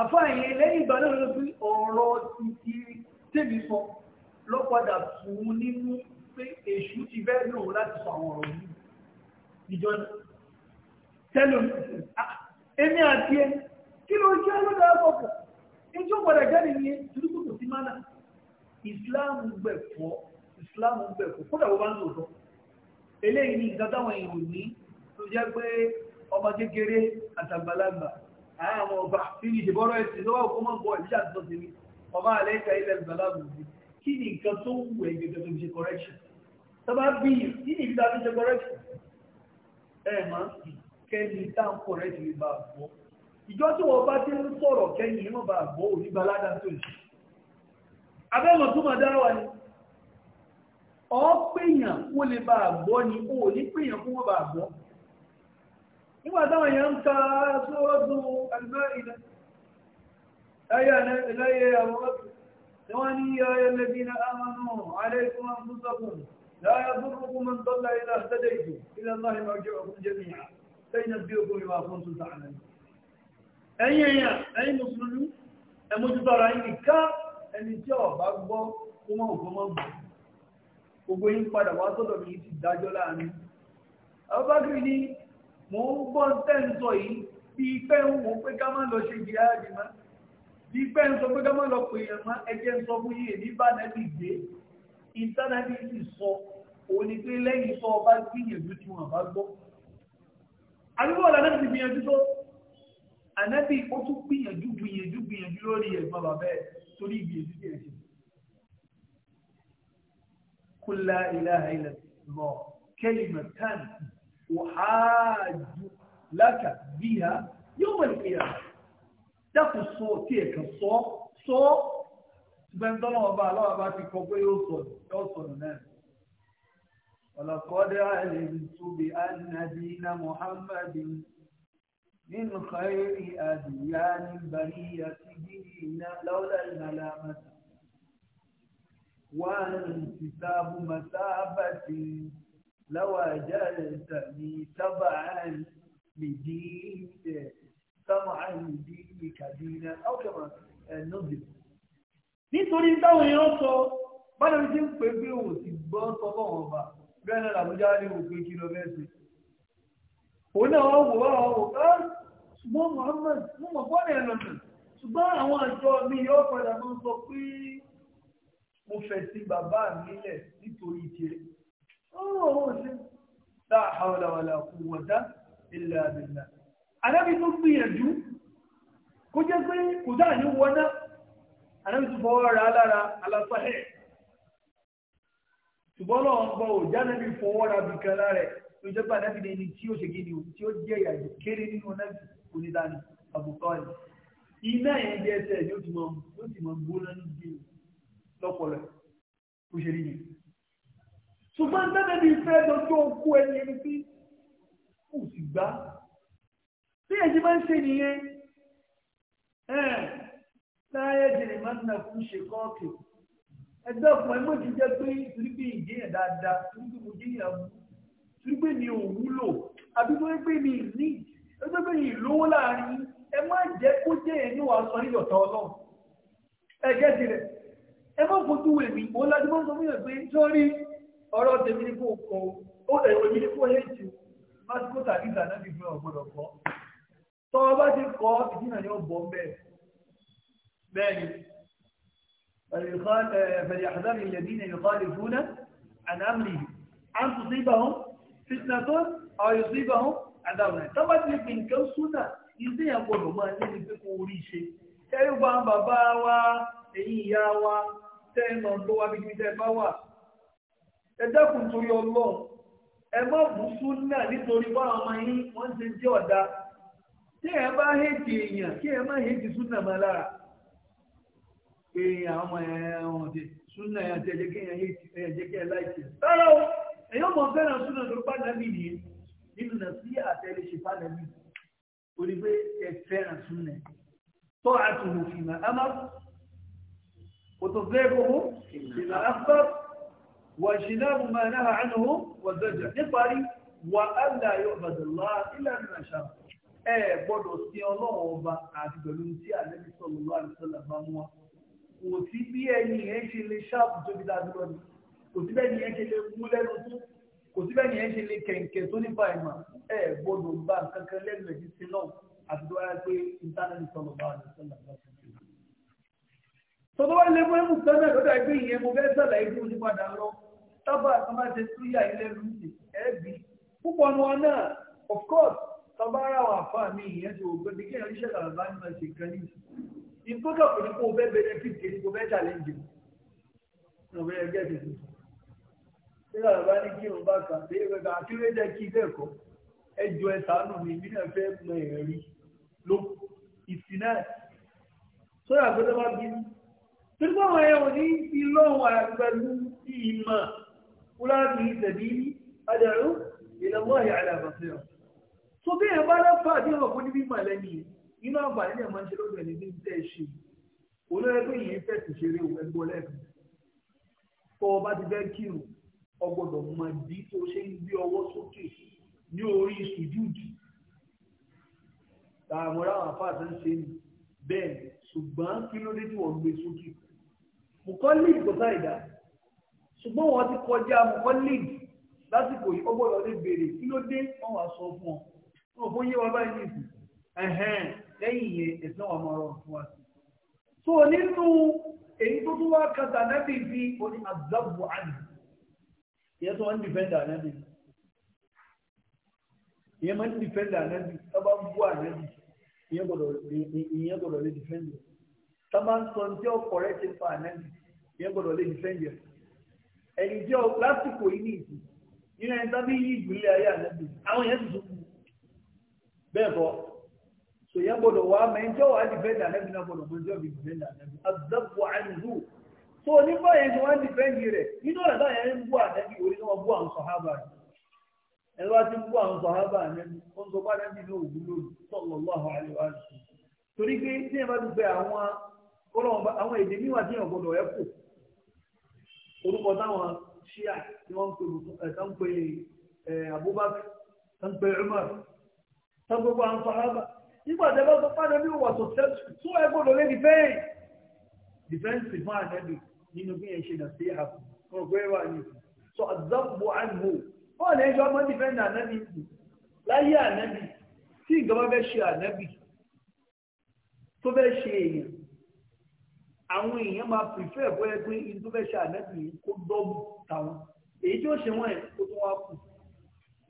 àfáàyè lẹ́yìn ìgbà náà ló fi ọ̀rọ̀ títí tèmi sọ ló padà fún nínú pé èṣù ti fẹ́ lò láti sọ àwọn ọ̀rọ̀ yìí ìjọ tẹ́lò èmi àti ẹ kí ló jẹ́ lọ́dọ̀ àpapọ̀ ìjọ padà jáde ní dúdú kò sí mánà ìsìláàmù gbẹ̀fọ́ ìsìláàmù gbẹ̀fọ́ kódà wọ́n bá ń lò lọ eléyìí ni ìgbà táwọn èèyàn ní tó jẹ́ pé ọmọ kékeré àtàgbàlagbà àwọn ọba tí ní ìdìbọ́rọ̀ ẹ̀sìn lọ́wọ́ òkú mọ́ bọ̀ ìjà tó ti ní ọba àlẹ́kà ilẹ̀ ìgbàlábù sí kí ni nǹkan tó wù ẹ̀ gẹ́gẹ́ tó fi ṣe correction tó bá bí kí ni ìgbà tó ṣe correction ẹ máa ń kẹ́ni táwọn correct lè bá àgbọ̀ ìjọ tí wọ́n bá ti ń sọ̀rọ̀ kẹ́yìn ní wọ́n bá àgbọ̀ òní balada tó yìí abẹ́mọ̀ tó máa dára wà ní ọ pèèyàn kó lè bá àgbọ̀ ni ó ní kó nígbà táwọn èèyàn ń ta sóòdù alìmáìdá láyé láyé àwọn ọ̀pẹ̀ tí wọ́n ní ayé lẹ́bí na amánú aláìkún àmúsọ́kùn láyé burúkú mọ́ tọ́lá ilá tẹ́lẹ̀ ìjù ilẹ̀ láyé ọjọ́ ọkùn jẹ́ mìíràn tẹ́yìn bí ó kúrò wà fún tuntun àná ẹ̀yìn èèyàn ẹ̀yìn mùsùlùmí ẹ̀mójútó ara yìí ká ẹni tí ọ̀bá gbọ́ kó mọ́ òkú mọ́ gbogbo yín padà wá sọ́dọ̀ mi ti dájọ́ láàrin Abubakar ni mò ń gbọ́ tẹ́ǹsọ yìí bí pẹ́ ń wò pé ká má lọ ṣe jihadi má bí pẹ́ ń sọ pé ká má lọ pè yàn má ẹjẹ́ ń sọ fún yìí èmi bá nàbì gbé ìtànàbì sì sọ òun ni pé lẹ́yìn sọ ọba gbìyànjú tí wọn bá gbọ́. àdúgbò ọ̀la náà ti gbìyànjú tó ànábì ó tún gbìyànjú gbìyànjú gbìyànjú lórí ẹ̀gbọ́n bàbá ẹ̀ torí ìgbìyànjú tí ẹ̀ ṣe. kúlá ìlà ìlà lọ kẹ́lìmọ̀ táǹtì òháàjù lákà bí i ha yóò mọ̀ ìpìyà dákùn sọ tí ẹ̀ kan sọ sọ ṣùgbọ́n tọ́lọ́ ọba aláwọ̀ bá ti kọ pé yóò sọ̀rọ̀ náà ọ̀lọ́kọ́dẹ́ àìlèmítúbi ànàdínà muhammadin من خير أديان البرية دينا لولا الملامة وانتساب مثابة لو أجلتني تبعا لدينك سمعا لدينك دينا كما táwọn èèyàn sọ ń pè pé òun sì gbọ́ wọn bá làbújá ní pé òun náà wọ́n wò wá wọ́n wò ká ah, ṣùgbọ́n Muhammad mo mọ̀ ẹ̀ lọ́nà ṣùgbọ́n àwọn àjọ mi yóò padà máa ń sọ pé mo sí bàbá mi lẹ̀ ọ̀rọ̀ ṣe la hawla wala quwwata illa billah anábì tó gbìyànjú kó jẹ́ pé kò dáa ní wọná anábì tó fọwọ́ ra lára alásáhẹ̀ ṣùgbọ́n náà ń gbọ́ òjá náà bí fọwọ́ ra bìkan lára ẹ̀ tó jẹ́ pé anábì ní tí ó ṣe gidi tí ó jẹ́ yóò ti mọ̀ gbóná níbi lọ́pọ̀lọ́ kó ṣe yìí ṣùgbọ́n tẹ́lẹ̀ bí fẹ́ lójú okú ẹni ẹni tí kò sì gbá tí èyí máa ń ṣe nìyẹn láyé jìnnì máa ń nà fún ṣe kọ́ọ̀kì ẹgbẹ́ ọ̀pọ̀ ẹgbẹ́ ti jẹ́ pé torí pé ìjìyàn dáadáa torí pé mo jìyàn mú torí pé mi ò wúlò àbí torí pé mi ní ẹgbẹ́ pé mi lówó láàrin ẹ má jẹ́ kó jẹ́ ẹni wàá sọ ní ìyọ̀tọ̀ ọlọ́run ẹ̀jẹ̀ tirẹ̀ ẹ má fojú wèmí òun lájú mọ́ sọ fún yàn pé sọ́rí ọ̀rọ̀ tèmi ní kò kọ́ ó ẹ̀rọ yìí ní kò hẹ́ẹ̀tì másìkò tàbí ìdáná bí fún ọ̀gbọ́dọ̀ kọ́ tọ́ ọ bá ti kọ́ ìdínà ni ó bọ̀ bẹ́ẹ̀ bẹ́ẹ̀ ni فليحذر الذين يخالفون عن أمره أن تصيبهم فتنة أو يصيبهم عذاب tó bá ti fi nǹkan súnà iṣẹ́ yẹn gbọ́dọ̀ máa ní ní pé kó orí ṣe ẹ̀rù ẹ dẹ́kun torí ọlọ́run ẹ má bú súnà nítorí báwọn ọmọ yín wọ́n ti jẹ́ ọ̀dà tí ẹ bá hẹ́jì èèyàn kí ẹ má hẹ́jì súnà máa lára èèyàn ọmọ ẹ̀ ọ̀dẹ̀ súnà ẹ̀ àti ẹ̀jẹ̀ kí ẹ̀ láìsí rárá o èèyàn mọ̀ fẹ́ràn súnà tó bá nàbì nìyí nínú nà sí àtẹ̀lé ṣe bá nàbì orí pé ẹ fẹ́ràn súnà tó àtúnwò fìmà ámà kò tó fẹ́ kó fìmà áfẹ́. واجتناب ما نهى عنه وزجر نقاري وألا يعبد الله إلا بما شاء ẹ gbọ́dọ̀ sí ọlọ́run ọba àti pẹ̀lú tí àlẹ́bí sọ̀rọ̀ lọ́wọ́ àdìsọ́là bá mú wa kò sí bí ẹni yẹn ṣe lè ṣáàpù tóbi dáadọ́ lọ́ni kò sí bẹ́ẹ̀ ni yẹn ṣe lè mú lẹ́nu tó kò sí bẹ́ẹ̀ ni yẹn ṣe lè kẹ̀kẹ́ tó nípa ìmọ̀ ẹ gbọ́dọ̀ gba kankan lẹ́nu ẹ̀ ti sin náà bá àdìsọ́là bá fún ẹ̀mú sẹ́mẹ̀ lọ́dọ̀ ẹgbẹ́ ìyẹn mo fẹ́ sàlàyé fún onípadà lọ tábà tó bá ṣe súyà ilé rúdì ẹ̀ẹ́bì púpọ̀ wọn náà of course tọba ara wà fún àmì ìyẹn tó gbé bí kéèyàn iṣẹ́ kàlàbá ní ma ṣe kan ní ìtò kàpọ̀ ní kó o fẹ́ benefit kì í kó o fẹ́ challenge ní ọ̀bẹ̀rẹ̀ ẹgbẹ́ ti sùn ṣé kàlàbá ní kí òun bá kà pé ẹgbẹ́ kan àti ìwé jẹ́ kí bẹ́ẹ̀ kọ́ ẹ jọ ẹ sànù mi mí náà fẹ́ mọ ẹ̀rí ló ìsìn náà sọ́yà gbọ́dọ̀ bá bí torí báwọn ní ilé ọ̀hún àgbẹ̀lú قل هذه سبيلي أدعو إلى الله على بصيرة tó bí ẹ̀ bá lọ́fà bí wọn kò ní bí màlẹ́ ni inú àǹfààní ẹ̀ máa ń ṣe lọ́dọ̀ ẹni bí ń tẹ́ ẹ ṣe olóyè pé yìí fẹ́ ti ṣeré òun ẹgbọ́ lẹ́ẹ̀kan tó o bá ti fẹ́ ni bẹ́ẹ̀ ṣùgbọ́n kí ló dé tí wọ́n gbé sókè mùkọ́lì ìgbọ́sá ìdá ṣùgbọ́n wọn ti kọjá mọ́ lead lásìkò yìí ọgbọ́n lọ́dẹ béèrè kí ló dé wọn wá sọ fún ọ fún ọ bóyá wọn báyìí nìyí ẹ̀hẹ́n lẹ́yìn yẹn ẹ̀sán wọn máa rọrùn fún wa sí. tó o nínú èyí tó tún wá kàtà nábì bí o ní azabu àná ìyẹn tó wọn ń dìfẹ́ndà nábì ìyẹn máa ń dìfẹ́ndà nábì tábà ń bú ànábì ìyẹn gbọdọ̀ lè dìfẹ́ndà tábà ń sọ ní tí ọkọ̀ rẹ̀ ti fa ànábì ìyẹn gbọdọ̀ lè dìfẹ́ndà ẹ̀yìn jẹ́ lásìkò yìí ní ìsìn nínú ẹni tábí yí ìgbìlẹ̀ ayé ànábì àwọn yẹn tuntun kù bẹ́ẹ̀ bọ́ so yẹn gbọ́dọ̀ wá mẹ́jọ́ wà dìfẹ́ndì ànábì náà gbọ́dọ̀ mẹ́jọ́ bí dìfẹ́ndì ànábì àdàpọ̀ àìlú so nípa yẹn tí wọ́n dìfẹ́ndì rẹ̀ nínú ọ̀rẹ́ yẹn ń bú ànábì orí náà bú àwọn sọ̀hábà rẹ̀ ẹni wá ti ń bú àwọn sọ̀hábà ń sọ náà torí pé tí yẹn bá ti àwọn àwọn èdè yẹn orúkọ táwọn ṣíà tí wọ́n ń pè Abubakar ń pè Umar tán gbogbo àwọn faraba nígbà tẹ́ bá sọ fáwọn ẹbí wà successful tún ẹ gbọ́dọ̀ lé defend defense fún àdẹ́bì nínú bí yẹn ṣe nà sí àpò kan gbé wà ní so àzọ́pù àgbò wọ́n lè ṣe ọmọ defend ànábì láyé ànábì tí ìjọba fẹ́ ṣe ànábì tó fẹ́ ṣe èèyàn àwọn èèyàn máa prefer bóyá pé indúbẹ́sà ànábì kó dọ́ọ̀bù táwọn èyí tí ó ṣe wọ́n ẹ̀ kó tó wá kù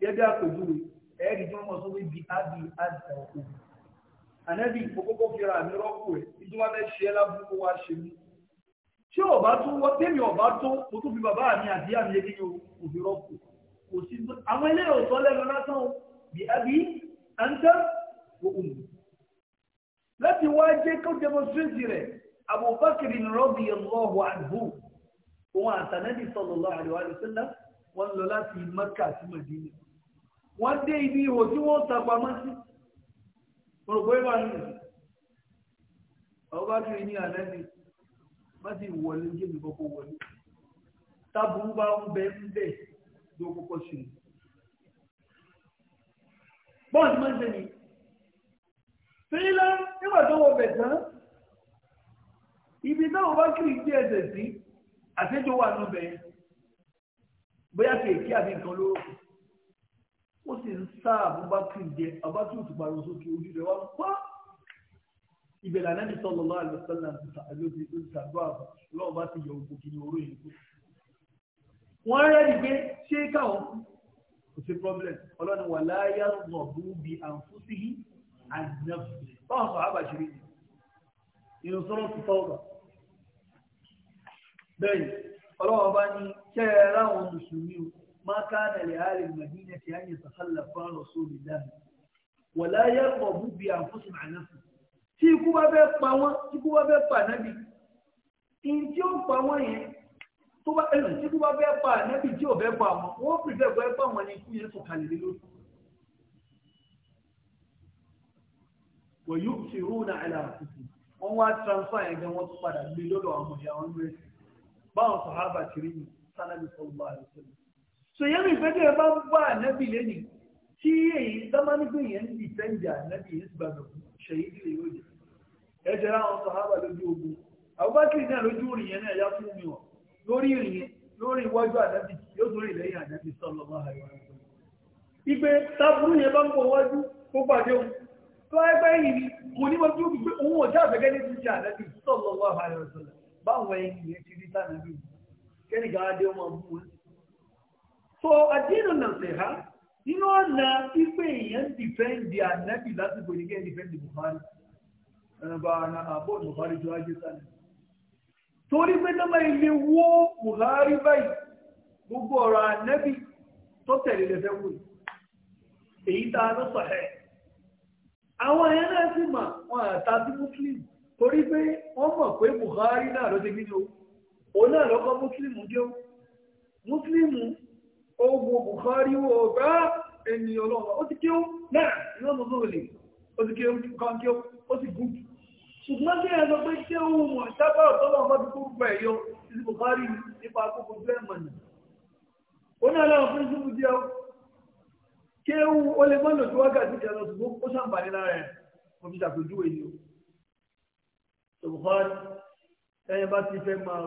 gẹ́gẹ́ àpèjúwe ẹ̀ẹ́dì tí wọ́n mọ̀ sórí bí ábì àdìsá òkú ànábì ìfowópamọ́ fira àmì rọ́pò rẹ̀ tí wọ́n fẹ́ ṣe é lábúkú wá ṣe mí tí ọba tó wọ́n tẹ́mi ọba tó mo tó fi bàbá mi àti àmì yẹn kéde òfin rọ́pò kò sí àwọn ilé ìwòsàn lẹ́nu lásán bí ábì àǹtá wọ́n òmù láti wá jẹ́ kó demonstrate rẹ̀ abubakar radiyallahu anhu òun àtànẹ́bì sallallahu alaihi wa sallam wọ́n lọ láti mẹ́kà sí mẹ́dínà wọ́n dé ibi ihò tí wọ́n tapamọ́ sí orògbó ìwà nìyẹn abubakar ní ànẹ́bì má sì wọlé jẹ́ mi kọ́kọ́ wọlé tábùú bá ń bẹ ń bẹ ló kọ́kọ́ ṣe bọ́ọ̀lù máa ń ni fílẹ̀ nígbà tó wọ bẹ̀ tán ibi táwọn bá kiri gbé ẹsẹ̀ sí àtẹ́jọ́ wà nù bẹ́ẹ̀ bóyá kéèké àbí nǹkan ló ó sì ń sá àbúbákì jẹ àbákìrì tó parọ́ sókè ojú rẹ̀ wá pọ́ ibẹ̀ lànà ní sallallahu alaihi wasallam àlọ́sí tó ti sàgbọ́ àbọ̀ lọ́wọ́ bá ti yọ òkú kí ni oró yìí kú. wọ́n rẹ́ni pé ṣé káwọn kò sí problem ọlọ́ni wà láyà rọ̀ bú bí àǹfùsí àdínàfẹ́ báwọn sọ àbàṣírí ni ìrùsọ́rọ̀ ti tọ́ ọ̀rọ̀ bẹ́ẹ̀ ni ọlọ́wọ́n bá ní ṣe é ráwọn mùsùlùmí o máa ká nàlẹ́ àárẹ̀ màdínà tí a yẹ sàkálà fún àròsóòlì dáhùn wọ̀lá yẹ pọ̀ búbi àǹfọ̀sùn ànáfù tí ikú bá fẹ́ pa wọ́n tí ikú bá fẹ́ pa ànábì ìyìn tí ó pa wọ́n yẹn tó bá ẹnu tí ikú bá fẹ́ pa ànábì tí ò fẹ́ pa wọn wọ́n pèsè pé pa wọn ni ikú yẹn sọ̀kalẹ̀ lé lórí. wọ̀nyí ti rúnà àlàáfíà wọ́n wá transfer ẹ̀gbẹ́ wọn tó padà gbé lọ́dọ̀ àwọn ọmọ ìyá wọn lórí báwọn sàhábà ti rí sanabi sọlọ àìsàn sòyẹ́ mi fẹ́ kí ẹ bá bá ànábì lẹ́nu tí èyí dámánigbé yẹn ń dìtẹ́ǹdì ànábì yẹn ti gbà lọ ṣèyí lè yóò jẹ ẹ jẹ láwọn sàhábà lójú ogun àbúbákìrì náà lójú òrìn yẹn náà yá fún mi wọn lórí ìrìn yẹn lórí iwájú ànábì yóò tó rìn lẹ́yìn ànábì sọlọ àìsàn ìgbé tábúrú yẹn bá ń bọ̀ wájú kó pàdé òun tó ẹgbẹ́ yìí ni kò ní báwọn ènìyàn ti rí tánàbí kẹ́nìkan adé ọmọ ọmọ so àdínù nà ṣe ha nínú ọ̀nà pípé èèyàn dìfẹ́ǹdì ànábì lásìkò ní kẹ́hìn dìfẹ́ǹdì Buhari ẹnubá na àbọ̀ Buhari jọ ajé sáré torí pé nọ́mà ilé wó Buhari báyìí gbogbo ọ̀rọ̀ ànábì tó tẹ̀lé lẹ́fẹ́ wò èyí tá a lọ sọ̀hẹ́ àwọn ẹ̀yẹn náà sì mà wọn àtàtì Muslim torí pé wọ́n mọ̀ pé Buhari náà ló ti gbé ní o òun náà lọ́kọ́ mùsùlùmù dé o mùsùlùmù owó Buhari wo bá ènìyàn lọ́wọ́ ó ti kí ó náà iná ló lóò lè ó ti kí ó kàn kí ó ó ti gùn ṣùgbọ́n kí ẹ sọ pé kí ó mọ̀ sábà ọ̀tọ́lọ́ ọmọ tó kúrú pẹ̀ yọ títí Buhari nípa àkókò jẹ́ ìmọ̀nà ó náà láwọn fún ìṣubú díẹ̀ ó kí ó lè mọ́nà tó wákàtí kan Bukhari ẹyẹ bá ti fẹ́ máa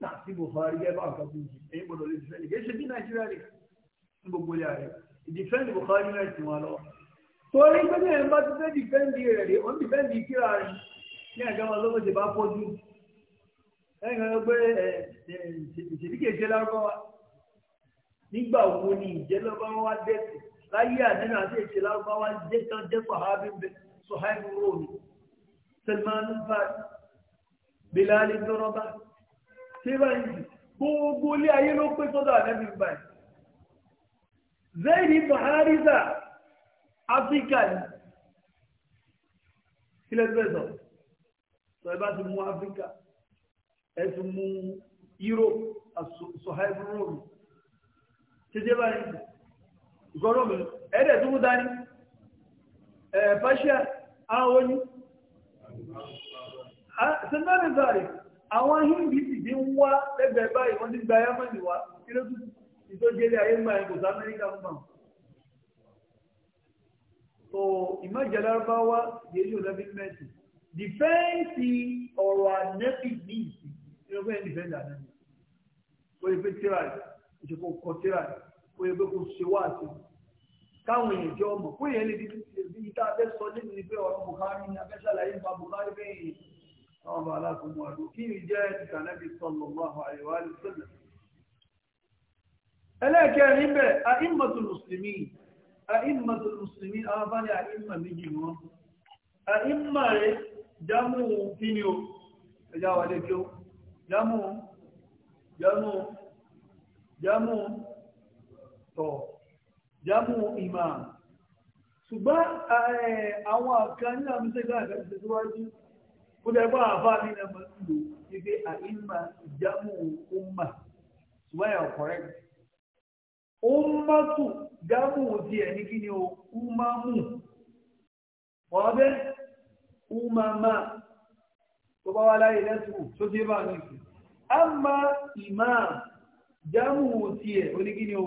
tà sí Bukhari gẹ́gẹ́ bá nǹkan tuntun èyí gbọ́dọ̀ lè fẹ́ nìkan ṣe bí Nàìjíríà rẹ̀ ní gbogbo ilé ààrẹ ìdífẹ́ǹdì Bukhari náà ti wọn lọ. torí pé ní ẹ̀yẹ bá ti fẹ́ dìfẹ́ǹdì rẹ̀ rẹ̀ wọ́n dìfẹ́ǹdì kíra rẹ̀ ní ẹ̀ka wọn lọ́wọ́ ṣe bá pọ́jú. ẹ̀yìn kan gbé ìṣèdíkèṣe lárúbáwá nígbà wo ni ìjẹ́lọ́báwá dẹ́kun Salman Fadi Bilal Doroba síbà yìí gbogbo ilé ayé ló pé sọ́dọ̀ ànẹ́bí báyìí Zaidi Bahariza Áfíríkà yìí kílẹ̀ tó bẹ̀ sọ sọ ẹ bá ti mú Áfíríkà ẹ ti mú Europe sọ̀háìbù rome títí báyìí ìkọ́rọ̀ mi ẹ̀ẹ́dẹ̀ tó mú dání ẹ̀ẹ́ Persia àwọn oyin sẹ́ńtẹ́rì sáré àwọn hindi ti di ń wá lẹ́gbẹ̀ẹ́ báyìí wọ́n ti gba yámẹ́lì wá kí ló tún ìtọ́jẹ́lẹ̀ ayé máa ń kò sí amẹ́ríkà ń bọ̀. so ìmọ̀jẹ̀ lárúbáwá yéjú lẹ́bí mẹ́sì dìfẹ́ǹsì ọ̀rọ̀ ànẹ́bì ní ìsìn ìrọ̀gbẹ́ ìdìfẹ́ǹsì ànẹ́bì ó yẹ pé tíra rẹ̀ ìṣòkò kọ tíra rẹ̀ ó yẹ pé kò ṣe wá àti káwọn nwere ọmọ fún èèyàn lè dídí sí ibi tá a sọ nínú ni ọ̀rọ̀ Buhari ni a ṣàlàyé nípa Buhari bẹ́ẹ̀ àwọn ọba àdó kí ni jẹ́ ìtànẹ́bí sọ̀lọ̀ mọ́ àwọn àyẹ̀wò àlùsọ̀lẹ̀. bẹ́ẹ̀ mùsùlùmí mùsùlùmí àwọn àìmọ̀ méjì ni wọ́n. àìmọ̀ rẹ̀ kí ni o ẹ̀yà wà lè kí o jámù ìmà ṣùgbọ́n àwọn àkàn ní àmì sẹ́gbà àgbàtí tẹ̀síwájú kó lẹ́gbọ́ àbá ní ẹmọ ìlú ibi àìmà jámù ọmọ ṣùgbọ́n yà correct ọmọtù jámù ti ẹ̀ ní kí ni o umamu ọ̀bẹ umama tó bá wá láyé lẹ́tù tó ti bá ní ìsìn àmà ìmà jámù ti ẹ̀ oníkí ni o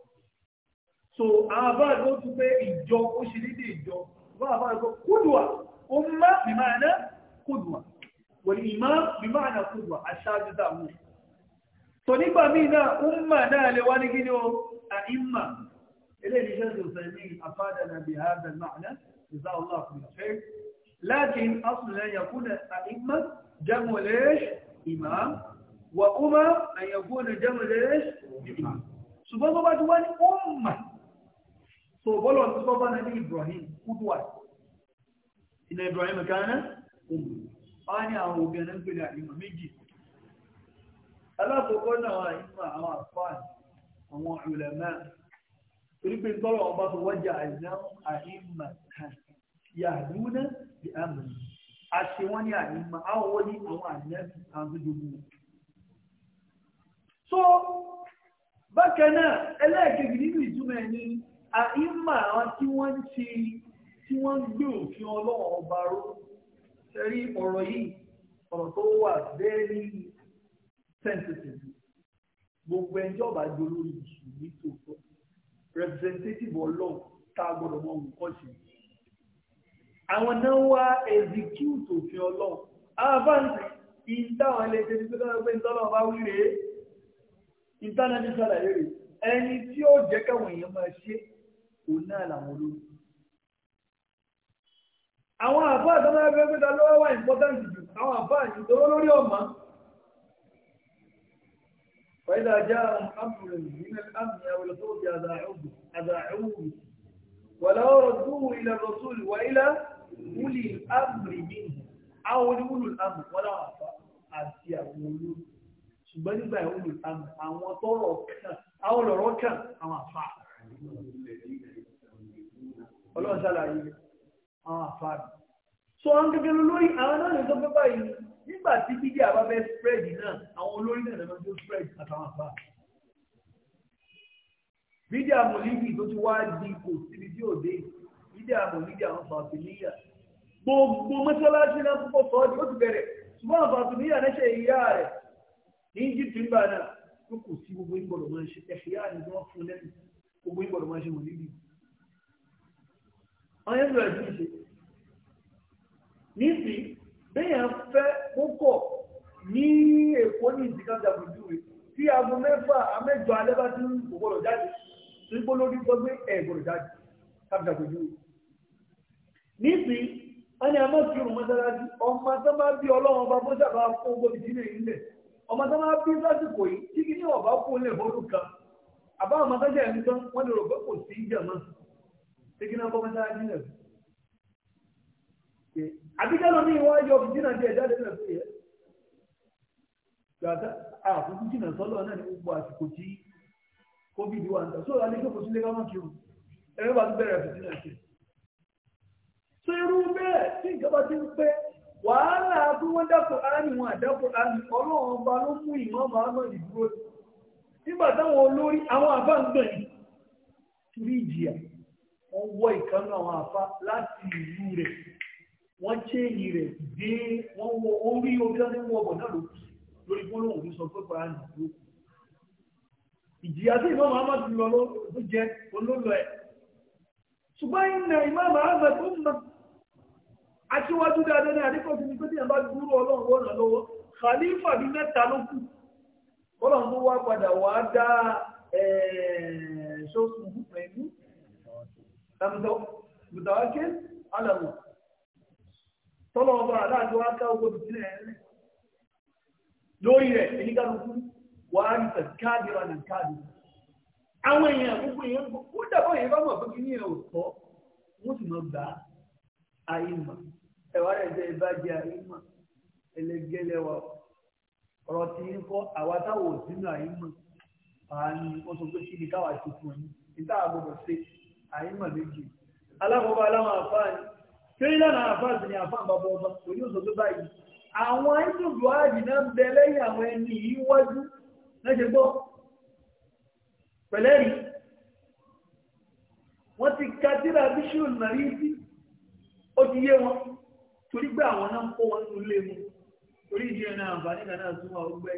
so àwọn àbáà ló say, in ṣe nídìí ìjọ wọ́n àbáà ló kúdùwà ó má bí máa ná kúdùwà wọ́n ní ìmá bí máa ná kúdùwà aṣáájú dàmú so nígbà míì náà ó mà náà lè wá ní kí ni ó àìmà eléyìí ṣe ń sọ sẹ́yìn ní àfádànà bí hàdà máàná جزاه الله كل خير لكن أصلا يكون أئمة جمع ليش إمام وأمة أن يكون جمع ليش إمام سبحان الله أمة so bọ́lọ̀ tí bọ́ bá na ní Ibrahim kúdùwà ìnà Ibrahim kánà ogun wá ní àwọn obìnrin ń pè àìmọ̀ méjì alákọ̀ọ́kọ́ náà àìmọ̀ àwọn àfáà àwọn ìrẹ̀mẹ́ torí pé ọba tó wájà àìmọ̀ di àìmọ̀ so na àìmọ̀ àwọn tí wọ́n ti tí wọ́n gbé òfin ọlọ́run ọba ró ṣẹ́rí ọ̀rọ̀ yìí ọ̀rọ̀ tó wà very sensitive gbogbo ẹjọ́ bá jẹ́ olórí mùsùlùmí tòótọ́ representative ọlọ́run tá a gbọ́dọ̀ mọ òun kọ́ sí i. àwọn náà wá execute òfin ọlọ́run àbáǹtì ìdáwọn ilé ìṣẹ́jú tó dára pé ìtọ́nà bá wí rèé ìtọ́nà ní sàlàyé rèé ẹni tí ó jẹ́ káwọn èèyàn máa ṣe é òun náà làwọn olórí àwọn àfáà tó máa fẹ́ pẹ́ta lọ́wọ́ wà important jù àwọn àfáà yìí tó lórí ọmọ فإذا جاءهم أمر من الأمن أو الخوف أذاعوه ولو ردوه إلى الرسول وإلى أولي الأمر منه أو àti àwọn olórí ṣùgbọ́n nígbà ìwúlò àwọn tọrọ kan àwọn ọ̀rọ̀ kan àwọn àfáà ọlọ́run ṣàlàyé àwọn àfáàdì so àwọn gẹ́gẹ́ lórí àwọn náà lè sọ pé báyìí nígbà tí bíbí àbá fẹ́ spread náà àwọn olórí náà lọ́nà tó spread àtàwọn àfáàdì bídí àmọ̀lídì tó ti wá di kò síbi tí ò dé bídí àmọ̀lídì àwọn fàtìmíyà gbogbo mọ́ṣáláṣí náà púpọ̀ sọ ọ́ ó ti bẹ̀rẹ̀ ṣùgbọ́n àwọn fàtìmíyà náà ṣe ìyá rẹ̀ ní egypt ń náà tó kò sí gbogbo ìgbọ̀dọ̀ máa ń ṣe ẹ̀ṣẹ̀ yára ni wọ́n fún lẹ́nu gbogbo ìgbọ̀dọ̀ máa ń ṣe mọ̀lídì ọyẹ́ lọ ẹ̀dùn ìṣe níbi bẹ́yàn fẹ́ púpọ̀ ní èkó ní ìdíkà jàpùjúwe tí aago mẹ́fà amẹ́jọ alẹ́ bá ti ń gbọ́dọ̀ jáde tó ń gbọ́dọ̀ gbọ́ pé ẹ̀ gbọ́dọ̀ jáde jàpùjúwe níbi wọ́n ní a máa fi òun mọ́sálásí ọmọ tó máa bí ọlọ́run ọba bó sábà fún gbogbo ìdílé ilẹ̀ ọmọ tó máa bí lásìkò yìí tí kí ní ọba kó lè bọ́dún kan àbá ọmọ tó jẹ́ ẹ̀ tán wọ́n lè rò pé kò sí ìjàmọ́ kíkínà bọ́ mẹ́ta jìnà sí. àbíkẹ́ lọ ní ìwọ ayọ̀ jìnà díẹ̀ jáde náà sí yẹ. gbàtà àkókò jìnà sọ́lọ̀ náà ní gbogbo àsìkò tí covid wà ń tà sóòrò alẹ́ ìjọba sílé káwọn kí o ẹ̀rọ bá ti bẹ̀rẹ̀ fìtínà sí. sọ irú bẹ́ẹ̀ tí ìjọba ti ń pẹ́ wàhálà bí wọ́n dákò áàmì wọn àdákò áàmì ọlọ́run ọba ló mú ìmọ̀ màánà ìdúró nígbà táwọn olórí àwọn àbá ń gbẹ̀yìn torí ìjìyà wọ́n wọ́ ìkánú àwọn àfa láti ìlú rẹ̀ wọ́n chéyì rẹ̀ dé wọ́n wọ orí ọjọ́ ní wọ́n ọ̀bọ̀ náà ló kù lórí gbólóhùn ló sọ pé kọ́ra nà ló kù. ìjìyà tí ìmọ̀ màmá ti lọ ló jẹ olólò ẹ̀. ṣùgbọ́n iná ìmọ̀ màmá rẹ̀ tó ń nà aṣíwájú dáadáa ní àdínkù ti ní pé tíyẹn bá dúró ọlọ́run ó ràn lọ́wọ́ khalifa bíi mẹ́ta ló kù ọlọ́run tó wá padà wá dá eh, ṣọ́ọ̀ṣù pẹ̀lú mùtàwákẹ́ alàwò tọ́lọ̀ ọba aláàjọ aká owó ìpínlẹ̀ ẹ̀rẹ́ lórí rẹ̀ ẹ̀yíkàlùkù wà á nìtẹ̀ káàdì wà ní káàdì àwọn èèyàn gbogbo èèyàn kó dàbọ̀ èèyàn bá mọ̀ pé kí ní ẹ̀ ò tọ́ wọ́n sì máa gbà á àyèmọ̀ ẹ̀wà rẹ̀ jẹ́ ìbàjẹ́ àyèmọ̀ ẹlẹ́gẹ́lẹ́wà ọ̀rọ̀ tí ń kọ́ àwa táwọn òsínú àyèmọ̀ àá ní wọ́n sọ pé kí ni káwà ṣe fún ẹ̀yìn àyínmà méjì alákọ̀ọ́bá aláwọ̀ àfáàní tí ó ìlànà àfáàsì ni àfáà bàbá ọba òní onye tó báyìí àwọn ìtòdò ààbì ń bẹ lẹ́yìn àwọn ẹni yìí wájú lẹ́sẹ̀ gbọ́ pẹ̀lẹ́rì wọ́n ti ka tíra bíṣù nàrí sí ó ti yé wọn torí pé àwọn náà ń kó wọn nínú ilé mu torí ìdí àǹfààní kan náà súnmọ́ ọgbẹ́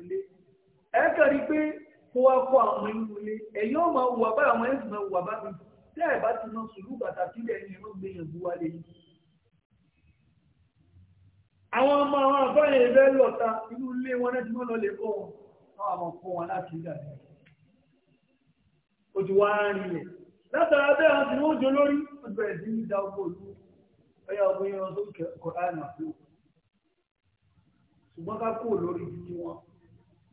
ilé kó wá kó àwọn ọmọ inú ilé ẹ̀yin ọmọ wà bá àwọn ẹ̀sìn máa wà bá mi tẹ́ ẹ̀ bá ti mọ sùúrù bàtà sílẹ̀ ẹ̀yìn ẹ̀rọ gbìyànjú wa lè yí. àwọn ọmọ àwọn àbáyé ẹ̀fẹ́ lọ́ta inú ilé wọn náà ti mọ́ lọ lè kọ́ wọn àwọn àmọ̀ kọ́ wọn láti ìgbà yẹn. o wa ń rinlẹ̀ látara bẹ́ẹ̀ wọn ti ní ojú olórí ó bẹ̀rẹ̀ sí ní da ọgbọ òlu ẹ̀yà ọgbọ yẹn wọn tó kọ̀ ṣùgbọ́n ká kó olórí títí wọn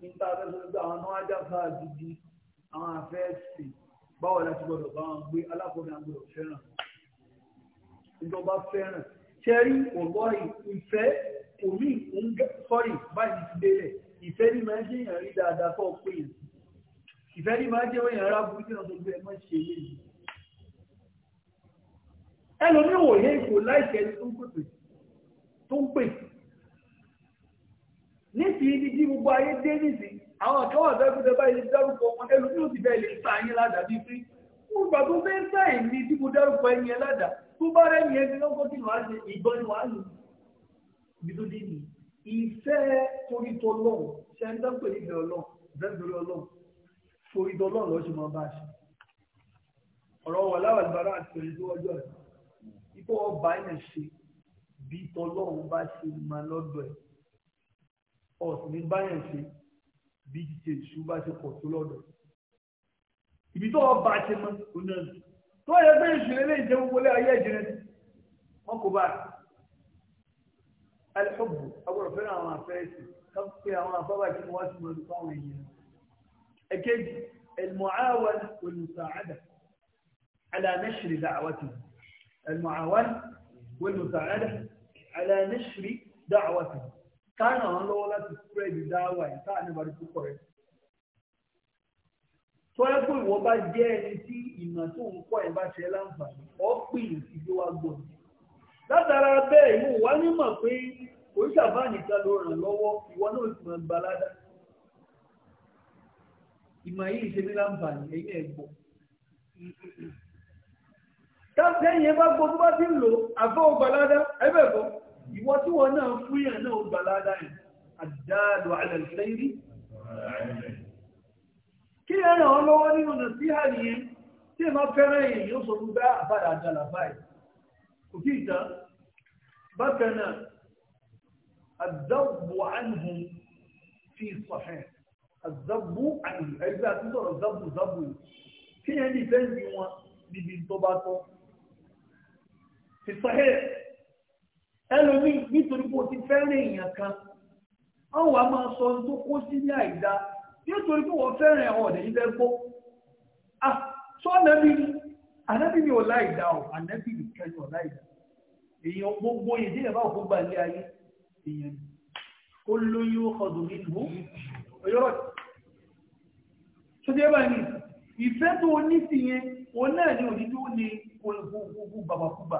níta fẹ́sọ̀ pé àwọn náà jáfa gidi àwọn afẹ́ẹ̀sì báwo la ti gbọdọ̀ bá wọn gbé alákòóni àgbọdọ̀ fẹ́ràn ìjọba fẹ́ràn ṣẹ́rí ọ̀lọ́rì ìfẹ́ omi sọ́rì báyìí ti délẹ̀ ìfẹ́ ní máa ń jẹ́ èèyàn rí dáadáa tó pé yẹn ìfẹ́ ní máa ń jẹ́ èèyàn rá burúkú náà tó gbé ẹmọ́ ṣe lé yìí ẹlòmíwò yẹ ìfò láìsẹ̀ tó ń pè nísìnyí ní bí gbogbo ayé dé nísìnyí àwọn àkọwà dákúndé báyìí dárúkọ wọn ẹlú ní òsì bẹ́ẹ̀ lè ta ayé ládàá bí fí gbogbo àti fẹ́ sáì ní tí mo dárúkọ ẹni ẹ ládàá tó bá rẹ̀ yẹn ní lọ́kọ́ tí wàá ṣe ìgbọ́n ni wàá lò ibi tó dé nìyí ìfẹ́ torítọ́ lọ́wọ́ ṣe ń dápẹ́ níbẹ̀ ọlọ́run bẹ́ẹ̀ ọlọ́run torítọ́ lọ́wọ́ lọ́ọ́ ṣe máa bá a ṣe ọ̀rọ̀ ọ̀sìn ní báyẹn ṣe bí jíjẹ ìṣú bá ṣe pọ̀ tó lọ́dọ̀ ibi tó ọba ṣe mọ́ oná tó yẹ pé ìṣúlẹ̀ lè jẹ́ gbogbo lé ayé ìjẹrẹ wọn kò bá alẹ́kọ̀bù agbọ̀dọ̀ fẹ́ràn àwọn afẹ́ẹ̀sì kápẹ́ àwọn afọ́bà tí wọ́n ti mọ̀ ní fáwọn èèyàn ẹ̀kejì المعاون والمساعدة على نشر دعوته المعاون والمساعدة على نشر دعوته ká ràn lọ́wọ́ láti spread dáwà yìí káà nígbà tó pọ̀ rẹ̀. ìwọ bá jẹ́ ẹni tí ìmọ̀ tó ń kọ́ ẹ bá ṣe láǹfààní ọ́ sí bí wàá látara bẹ́ẹ̀ mo wá nímọ̀ pé oríṣàbá nìkan ló ràn lọ́wọ́ ìwọ náà yìí ṣe mí láǹfààní ẹ̀yìn ẹ̀ gbọ́. ẹ̀yìn bá gbọ́ tó bá ti ń lò àbọ̀ ọgbà ládà ẹ bẹ̀ ìwọ tí wọ́n náà fún yàn náà gbàládá ẹ̀ àdádọ̀ alẹ́lẹ́rí kí ẹ ràn án lọ́wọ́ nínú nà sí àníyàn tí ẹ máa fẹ́ràn èèyàn yóò sọ fún ah, bá àbára àjàlá báyìí kò kí ìtàn bákan náà àdọ́bù ànhùn fi sọ̀hẹ́ àdọ́bù ànhùn ẹgbẹ́ àti ẹlòmíì nítorí pé o ti fẹ́ràn èèyàn kan ọ̀hún wa máa sọ ohun tó kó sí ní àìdá nítorí pé wọ́n fẹ́ràn ẹ̀wọ̀n ọ̀dẹ̀ yìí lẹ́gbọ́ sọ ànábì ni ànábì ni ọ̀la ìdá ọ̀ ànábì ni kẹ́yìn ọ̀la ìdá èèyàn gbogbo èdè yẹn bá òkú gbà lé ayé èèyàn ni ó lóyún ọdún nínú ọyọ́rọ̀ sọdí ẹ bá ní ìfẹ́ tó ní sí yẹn òun náà ni òdíjú ó lè kó gbàgbàkúgbà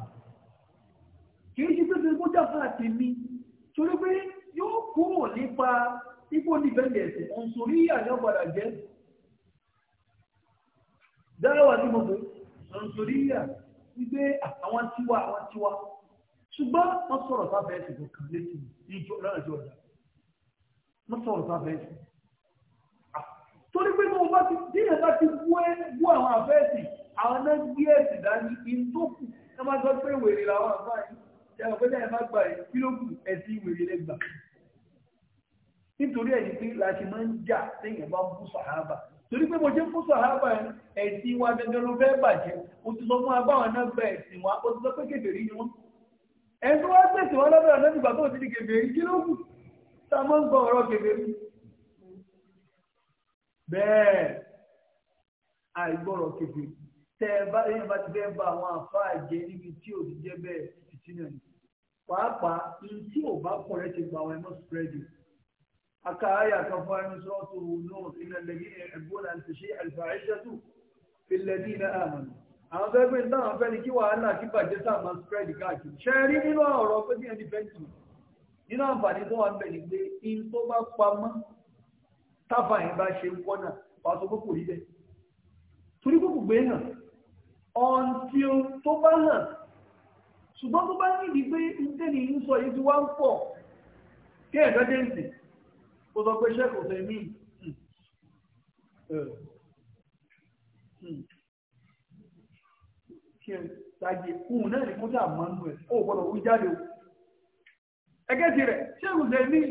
kì í ṣe pé fún kójà fún àtẹ̀mí torí pé yóò kúrò nípa ipò nífẹ̀ẹ́ ẹ̀sìn ọ̀nsorí àyàn padà jẹ́ dáwà ní mọ̀tò ọ̀nsorí yà wípé àwọn tiwa àwọn tiwa ṣùgbọ́n wọ́n sọ̀rọ̀ sábẹ́ ẹ̀sìn tó kàn létí ìjọ náà jọ ọ̀dà wọ́n sọ̀rọ̀ torí pé mo bá ti díẹ̀ bá ti wú ẹ́ wú àwọn àfẹ́ẹ̀sì àwọn náà gbé dání ìtókù ẹ má jọ pé wèrè làwọn àfáà ẹ̀rọ pé lẹ́yìn bá gbaa yìí kí ló kù ẹ̀sìn ìwèrè lẹ́gbà nítorí ẹ̀yìn pé láti máa ń jà téèyàn bá bú sàhábà torí pé mo ṣe fún sàhábà ẹ̀sìn wa dandan ló fẹ́ bàjẹ́ mo ti sọ fún abáwọn náà gba ẹ̀sìn wa ó ti sọ pé kèfèrí ni wọ́n ẹni wọn lọ́dọ̀ nígbà tó ti di tá a máa ń gbọ́ pàápàá tí ò bá kọ̀ rẹ̀ ti gbà wọn ẹ̀mọ́ spread it. aka ayà kan fún ẹni sọ́ọ̀tù náà iná lẹ́gí ẹ̀gbọ́n náà ti ṣe àlùfàáṣẹ́tù ilẹ̀dí náà àmàlù. àwọn fẹ́ pé táwọn fẹ́ ni kí wàhálà kí bàjẹ́ sáà máa spread káàkiri. ṣe rí nínú ọ̀rọ̀ pé ní ẹni fẹ́ǹtì nínú àǹfààní tó wà ń bẹ̀ ni pé in tó bá pamọ́ táfà yẹn bá ṣe ń kọ́nà wàá sọ pé kò rí bẹ́ẹ̀. torí kò gbé náà ọ̀ntì ṣùgbọ́n tó bá nídìí pé nsọ ń sọ yìí ti wá ń pọ̀ kí ẹ̀dọ́jẹ́ǹsì ó sọ pé ṣẹ́kù fẹ́ mí kí rẹ̀ ṣẹ́kù fẹ́ mí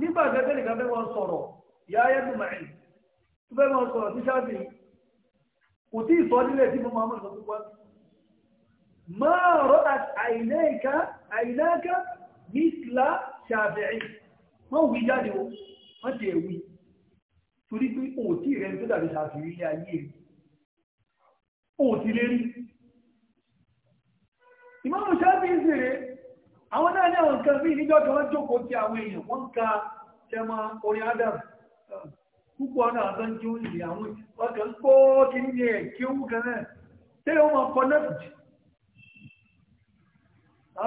nígbà gẹ́gẹ́ nìkan fẹ́ wọn sọ̀rọ̀ ìyá ayẹ́dùn mẹ́rin tó fẹ́ wọn sọ̀rọ̀ kò tí nílẹ̀ tí mo máa mọ̀ ما رأت عينيك عيناك مثل شافعي ما هو جاده ما تيوي torí pé òtí rẹ̀ tó dàbí ṣàfihàn ilé ayé rẹ̀ òtí lè rí ìmọ̀ràn ṣáàbí ń sèré àwọn náà ní àwọn nǹkan bí níjọ́ kan wọ́n jókòó àwọn ọkàn ní ẹ̀ kí ó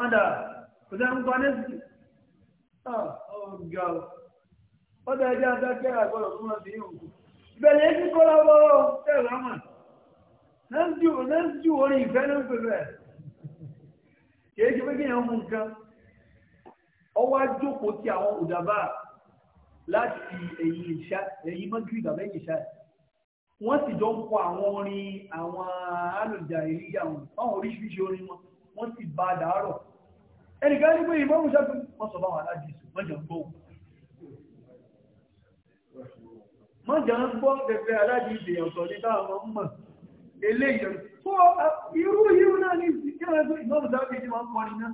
ọ̀dà kò sẹ́ni pa nẹ́sì ọ̀gá ọ̀dà ẹjẹ́ adákẹ́ àgbọ̀dọ̀ fún ọ̀dà yìí òkú ìbẹ̀lẹ̀ èyí kọ́ lọ́wọ́ tẹ̀lé ọmọ nẹ́sì orin ìfẹ́ ló ń pè bẹ́ẹ̀ kìí ṣe pé kí èèyàn mú nǹkan ọwọ́ àjókòó ti àwọn òdàbà láti ẹ̀yìn ìṣá ẹ̀yìn mọ́gírì bàbá ẹ̀yìn ìṣá wọ́n sì jọ ń kọ àwọn orin àwọn alùjáde ìlú àwọn oríṣiríṣi orin wọn wọ́n sì bá dàárọ̀ ẹnìkan ní pé ìmọ̀mù ṣẹ́gun wọ́n sọ báwọn aláàjì sùn wọ́n jẹun gbọ́ wọ́n jẹun gbọ́ pẹ̀pẹ́ aláàjì ìdèyàn sọ ní táwọn mọ̀ eléyìí tó irú irú náà ní ìmọ̀mù ṣẹ́gun ti máa ń kọrin náà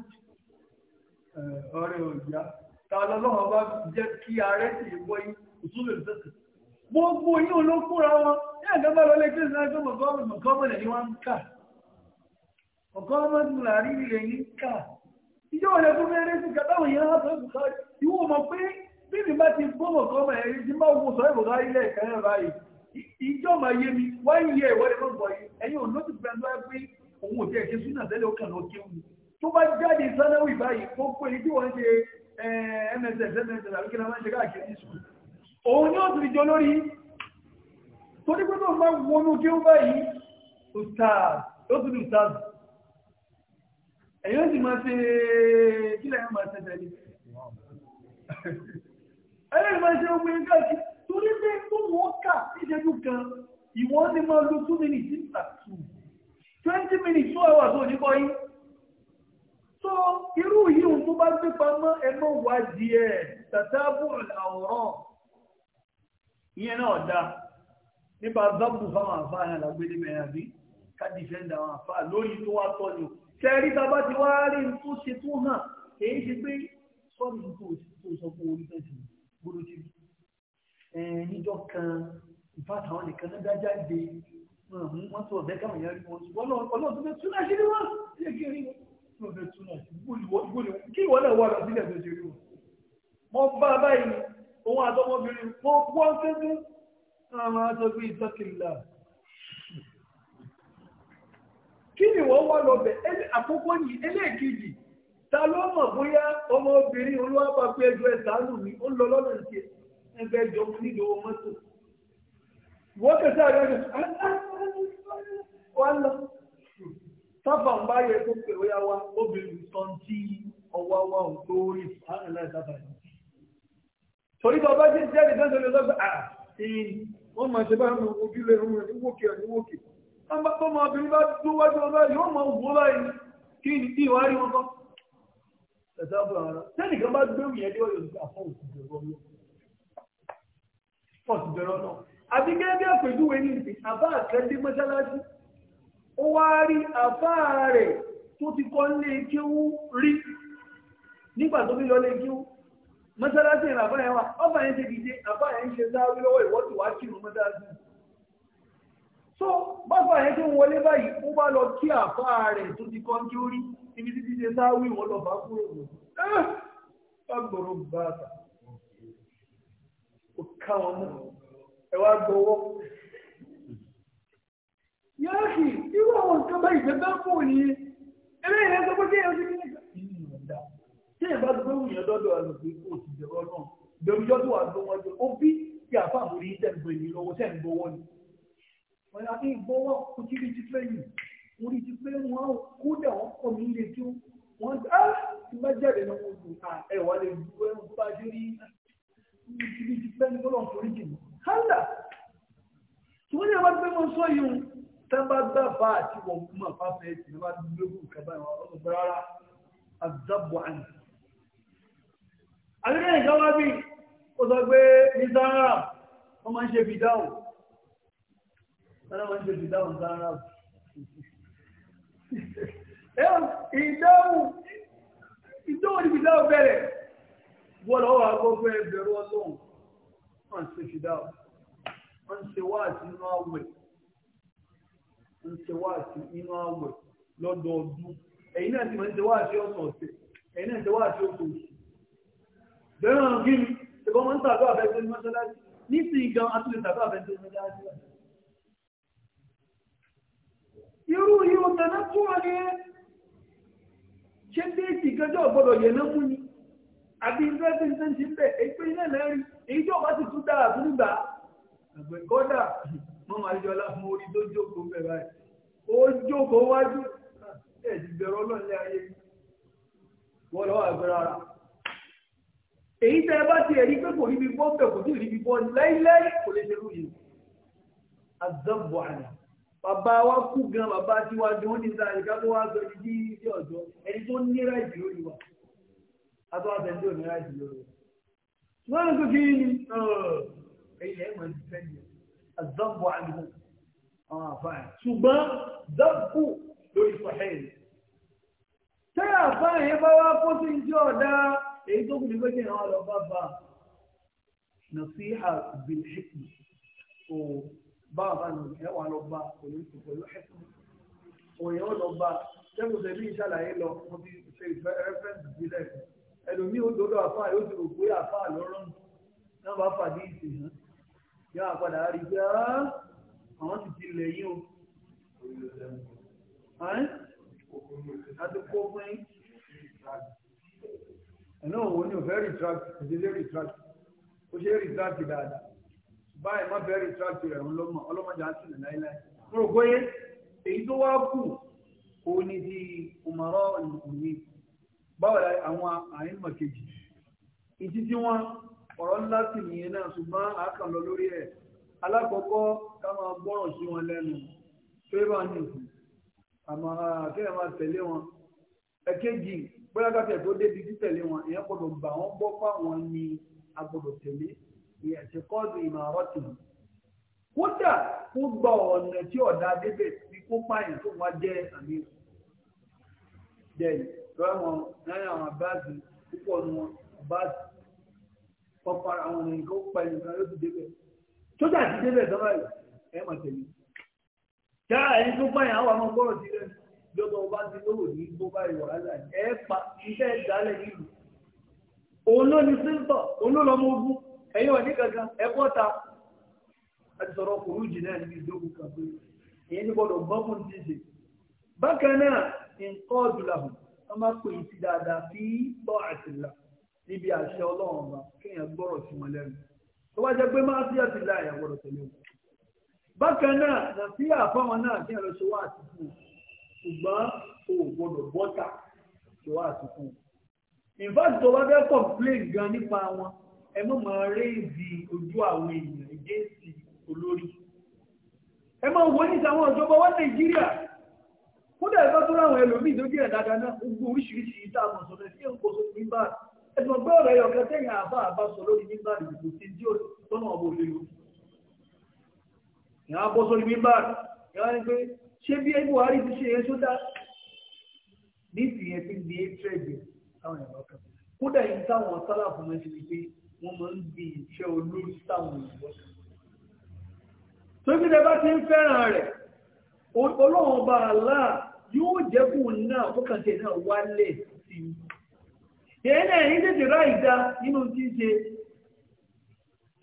ọ̀rẹ́ òjá ta lọ́lọ́wọ́ bá jẹ́ kí ààrẹ sì wọ́ ìṣúlẹ̀ ìṣẹ́sẹ̀ gbogbo ní àgbẹ́bá ọ̀gá ọmọdún láàrin ilẹ̀ yìí kà ìjọ wọlé tó fẹ́rẹ́ sí kàtà òyìn àtọ́ ìbùkà ìwọ mọ̀ pé bíbí bá ti gbọ́ ọ̀gá ọmọ ẹ̀rí ti máa wo sọ ìbùkà ilẹ̀ ìkẹrẹ báyìí ìjọ máa yé mi wáyé yẹ ìwọlé tó gbọ́ yìí ẹ̀yin ò lóṣù pẹ́ tó pé òun ò tiẹ̀ ṣe súnà tẹ́lẹ̀ ó kàn lọ kí òun tó bá jáde sanáwì báyìí tó pé ní tí wọ́n ṣe mss mss àbí kí ni wọ́n ṣe káàkiri ní sùn òun ni ó ti jọ lórí torí pé tó máa wọnú kí ó báyìí ustaz ó ti di ustaz ẹ̀yọ́ sì máa ṣe kílẹ̀ máa ṣe tẹ̀lé ẹ̀yọ́ máa ṣe ogun ẹgbẹ́ àti torí pé tó wọ́n kà níṣẹ́jú kan ìwọ́n ní máa lo two minutes nígbà two twenty minutes two hours ò ní kọ́ yín so irú yìí ohun tó bá gbé pamọ́ ẹ mọ̀ wá di ẹ̀ tàtàbù àwòrán ìyẹn náà dá nípa zabu fáwọn àfáà yẹn làgbé ní mẹ́rin àbí ká dìfẹ́ndà àwọn àfáà lórí tó wá tọ́ ni tẹ́rí bàbá ti wá rí tó ṣe tó hàn èyí ṣe pé sọ́ọ̀nù tó tó sọ fún orí fẹ́sì gbọ́dọ̀ ti níjọ́ kan ìfàtà àwọn nìkan náà dájá ìdè wọ́n tó ọ̀bẹ káwọn yẹn rí wọn ọlọ́run tó fẹ́ tún náà ṣe rí wọn ṣe kí rí wọn tó fẹ́ tún náà ṣe gbọ́dọ̀ kí ìwọ náà wà lọ sílẹ̀ tó ṣe rí wọn. mo bá a báyìí òun àtọmọbìnrin mo wọ́n fẹ́ fún àwọn aṣọ kí ni wọ́n wá lọ bẹ̀ àkọ́kọ́ yìí ẹlẹ́ẹ̀kejì ta ló mọ̀ bóyá ọmọbìnrin olúwàbà pé ẹjọ́ ẹ̀sánù mi ó ń lọ lọ́nà ti ẹgbẹ́ ẹjọ́ mu nílò mọ́tò wọ́n kẹsẹ́ àgbẹ̀ ah, ah, ah, wa lọ sábà ń bá yẹ kó pè ó yá wa obìnrin tán tí ọwọ́ wa ò tó rí àárín láì yìí torí bá bá jẹ́ jẹ́ ìdájọ́ lọ́gbà àà tí wọ́n máa ṣe bá ń mú ojúlé ọmọ níwókè ọ̀níwókè tọ́mọ obìnrin bá dún wájú ọgbà yóò mọ wò báyìí kí ni tí ìwárí wọn kọ́. ẹ̀sẹ̀ ọ̀bùn àwọn ọ̀rọ̀ sẹ́ni kan bá gbé wìyẹn dé ọ̀yọ́ nípa fún òsìbẹ̀rọ̀ náà. òsìbẹ̀rọ̀ náà àti àpèjúwe ní ìsìn àbá àkẹ́dé mọ́ṣáláṣí ó wá rí àbá rẹ̀ tó ti kọ́ lé kíwú rí nígbà tó fi lọ lé kíwú mọ́ṣáláṣí ìrìn àbá yẹn wà ọ so bàbá yẹn tí ń wọlé báyìí ó bá lọ kí àfáà rẹ̀ tó ti kọ́ kí ó rí ibi títí ṣe sáwì wọn lọ bá kúrò wọn gbàgbọ́rọ̀ bàbà ó ká wọn mú ẹ wá gbọ́wọ́ yáàkì irú àwọn nǹkan bá ìgbẹ́gbẹ́ fún òní eléyìí ẹgbẹ́ pé kéèyàn ti kíni ìyọ̀ǹda tí èèyàn bá ti gbé wùyàn dọ́dọ̀ àlùkò ikú òsì ìjọba náà ìjọba ìjọba tó wà kí àfáà rí tẹ̀ ń gbé ní ni wọn àti ìgbọwọ kùtìrì ti fẹyìn orí ti pé wọn kódà wọn kọ mí lè tó wọn á ah! ti bá jáde náà wọn dùn à ẹ wà lè dúró ẹ bá dé rí kùtìrì ti fẹyìn tó lọ́n forí jì mí. hálà tí wọ́n yẹ wá pé mo sọ yìí tá bá gbà bá àti wọn kú mà fáfẹ́ ẹ̀ tì ní wàá dúró kù kábàá wọn ọ̀rọ̀ rárá àdàbọ̀ ọlọ́wọ́ ń tètè dáhùn sáárà [laughs] ìdáhùn ìdáhùn níbi dáhùn bẹ̀rẹ̀ wọ́n lọ́wọ́ agbọ́gbọ́ ẹgbẹ̀rún ọlọ́run wọ́n ṣe fìdáhùn wọ́n ṣe wáàsí inú àwẹ̀ ń ṣe wáàsí inú àwẹ̀ lọ́dọọdún ẹ̀yin náà ti máa ń ṣe wáàsí ọ̀sán ọ̀sẹ̀ ẹ̀yin náà ń ṣe wáàsí oṣù oṣù bẹ́ẹ̀ náà kí ni ṣùgbọ́n wọ́n ń tàgbà àfẹ́sẹ́ ní mọ́ṣáláṣí ní ti gan atúlẹ̀ tàgbà àfẹ́sẹ́ ní mọ́ṣáláṣí irú yóò tẹ̀lé fún wọn ní ṣé déètì gẹ́jọ́ gbọ́dọ̀ yẹn náà fún ni àbí ìrẹsì ń tẹ́ǹtì ń bẹ̀ èyí pé iná náà rí èyí tó bá ti tún dára fún ìgbà àgbẹ̀ kọ́dà mọ́ máa yọ ọlá fún orí tó jókòó bẹ̀ báyìí ó jókòó wájú ẹ̀ ti bẹ̀rẹ̀ ọlọ́ọ̀lẹ́ ayé wọ́n lọ́wọ́ àgbẹ̀rẹ̀ ara èyí tẹ́ ẹ bá ti ẹ̀rí pé kò ríbi bọ́ bẹ̀ kò sí ríbi bọ́ láíláí kò lè ṣerú yìí azọ́bọ̀ àná bàbá wa kú gan bàbá tiwa gan ó ní sáà nìkan tó wá sọ ní bí sí ọ̀dọ́ ẹni tó ní ráìtì lórí wa àti wá bẹ̀rẹ̀ tí ò ní ráìtì lórí wa. wọ́n ń gbé ní ẹ̀yìn ẹ̀mọ̀ ti fẹ́ ni àzọ́bù àdúgbò àwọn àfáà ṣùgbọ́n zọ́bù lórí sọ̀hẹ́ẹ̀lì. tẹ́lẹ̀ àfáà yẹn bá wá kó sí ìjọ ọ̀dá èyí tó kù ní gbẹ́kẹ̀ àwọn ọ̀dọ́ bàbá nasiha bilhikmi báwa nù ẹ wà lọ bá pẹ̀lú pẹ̀lú ẹ̀sìn òyìn ó lọ bá sẹ́kù sẹ́bí ìṣàlàyé lọ mo ti ṣe ìfẹ́ rẹ́fẹ́ǹsì sílẹ̀ ẹlòmíì ó dodo àfáà yóò ti rò pé àfáà lọ́rọ̀ náà bá fàdí ìsìn hàn yóò àpadà rí pé àwọn ti ti lẹ̀ yín o àdúgbò fún yín ẹ̀nà òun ni ò rìtrákì kò rìtrákì ó ṣe rìtrákì dáadáa báyìí má bẹ̀rẹ̀ tíráàtì rẹ̀ ọlọ́mọ ọlọ́mọdé á sì lè láíláí mo rò bóyé èyí tó wá kù òun ni ti òmọ̀rọ̀ ìmùkùnrin báwo la àwọn àyínmọ̀ kejì ìdí tí wọ́n ọ̀rọ̀ ńlá sì nìyẹn náà ṣùgbọ́n àákàn lọ lórí ẹ̀ alákọ̀ọ́kọ́ ká máa gbọ́ràn sí wọn lẹ́nu tó yẹ bá ń nìkú àmọ́ kéèyàn máa tẹ̀lé wọn ẹ̀kejì bóyá káfíà tó débi títẹ̀lé wọn èèyàn gbọ́dọ̀ gbà wọ́n gbọ́ fáwọn ni a gbọ́dọ̀ tẹ̀lé ìyẹ̀sìkọ́dù ìmọ̀ọ́rọ́tì kódà kó gba ọ̀nà tí ọ̀dà débẹ̀ ní kó pààyàn tó wá jẹ́ àmì dẹ̀yìn lọ́wọ́n náírà àwọn abáàzì púpọ̀ nu wọn abáàzì pọ̀pọ̀ àwọn ènìyàn kó pa ènìyàn yóò ti débẹ̀ sójà ti débẹ̀ sọ́wọ́ ẹ̀ ẹ̀ mọ̀ tẹ̀lé já ẹni tó pààyàn àwọn ọmọ gbọ́rọ̀ sí rẹ̀ lọ́dọ̀ ọba ti lówó ní bó bá ìwà ẹ̀ pa iṣẹ́ ìdálẹ̀ nílùú ẹ̀yin òní kankan ẹ̀kọ́ ta àti sọ̀rọ̀ ji náà níbi ìdókùn kan pé ní gbọ́dọ̀ gbọ́n ti ṣe bákan náà nǹkan ọ̀dùnlàbù wọ́n máa pè é sí dáadáa ọba kéèyàn gbọ́rọ̀ sí wọn lẹ́nu tó pé máa àtìlá ẹ̀yà gbọ́dọ̀ tẹ̀lé wọn. bákan náà nà sí náà kí ṣe wá àtìkù ṣùgbọ́n o gbọ́dọ̀ bọ́tà ṣe wá àtìkù. tó ẹ mọ̀ mọ̀ réèzì ojú àwọn èèyàn ìgbésí olórí ẹ mọ̀ wo ní sàwọn ìjọba wa nàìjíríà kódà ẹ bá tó láwọn ẹlòmíì tó jẹ́ ẹ̀dáadáa náà gbogbo oríṣiríṣi ìta àmọ̀ sọ̀rọ̀ sí èkó tó ní bá ẹ̀sùn ọgbẹ́ ọ̀rẹ́ yọ kẹtẹ́ yẹn àbá àbá sọ lórí nígbà ìdìbò tí ń díò tọ́nà ọmọ òfin lò ìyá bọ́ sórí nígbà ìyá ni pé ṣé bí Buhari ti ṣe yẹn sódà ní ti di eight hundred àwọn ìyàwó kan kódà yìí táwọn sálà fún mi wọ́n máa ń di iṣẹ́ olórí sáwọn òyìnbó. tó gbígbẹ́ bá ti ń fẹ́ràn rẹ̀ ọlọ́run bá àlá yóò jẹ́kù náà fọ́kàntẹ̀ náà wálẹ̀ sí i. èyí náà èyí tètè rá ìdá nínú tí ń ṣe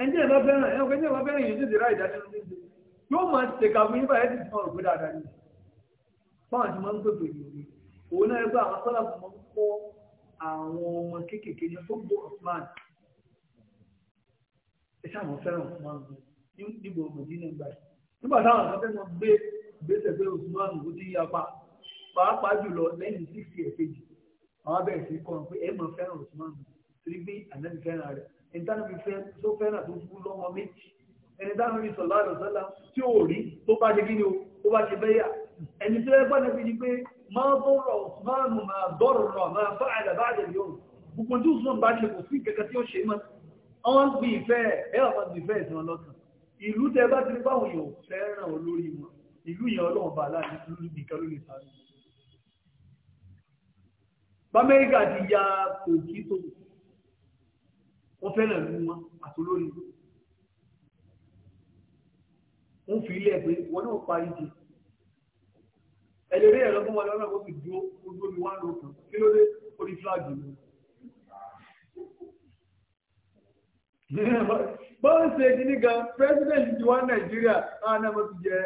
ẹni tí ẹ̀ bá fẹ́ràn ẹ̀ ọ̀gbẹ́ni ẹ̀ bá fẹ́ràn èyí tètè rá ìdá nínú tí ń ṣe yóò máa tẹ̀ka fún yín báyìí ti sọ̀rọ̀ ògbé dáadáa báwọn ti máa ń pèpè yìí òun náà ẹgbẹ́ àwọn sọ́lá àwọn ọmọ kéékèèké ní ẹ ṣáà wọn fẹ́ràn Usman níbo Medina gbà yìí nígbà táwọn kan fẹ́ràn gbé gbèsè pé Usman ò ti yapa pàápàá jùlọ lẹ́yìn six years kejì àwọn abẹ́rẹ́ sí kọ́ pé ẹ máa fẹ́ràn Usman torí bí ànábi fẹ́ràn rẹ̀ ẹni táwọn fi fẹ́ tó fẹ́ràn tó fún lọ́mọ méjì ẹni táwọn fi sọ̀lá rẹ̀ sọ́lá tí ò rí tó bá ṣe kí ni o tó bá ṣe bẹ́yà ẹni tó yẹ gbọ́dọ̀ fi ni pé máa tí Usman bá ṣe kò sí kẹ̀kẹ́ tí ó wọ́n ń gbin ìfẹ́ ẹ̀ ọ̀kan gbin ìfẹ́ ìsìn ọlọ́kàn ìlú tẹ bá ti bá òyìn fẹ́ràn olórí wọn ìlú yẹn ọlọ́run bá láti lúlú nìkan ló lè sáré bámẹ́ríkà ti ya òkí tó wọ́n fẹ́ràn ìlú wọn àti olórí wọn fi ilé ẹ̀ pé wọn náà parí ti ẹlẹ́rìí ẹ̀rọ fún wọn lọ́nà ó fi dúró ó dúró bí wọ́n lò kàn kí ló dé orí fúláàgì lọ́wọ́. bọ́ọ̀ ṣe kìíní gan president ti wá nàìjíríà náà náà mo ti jẹ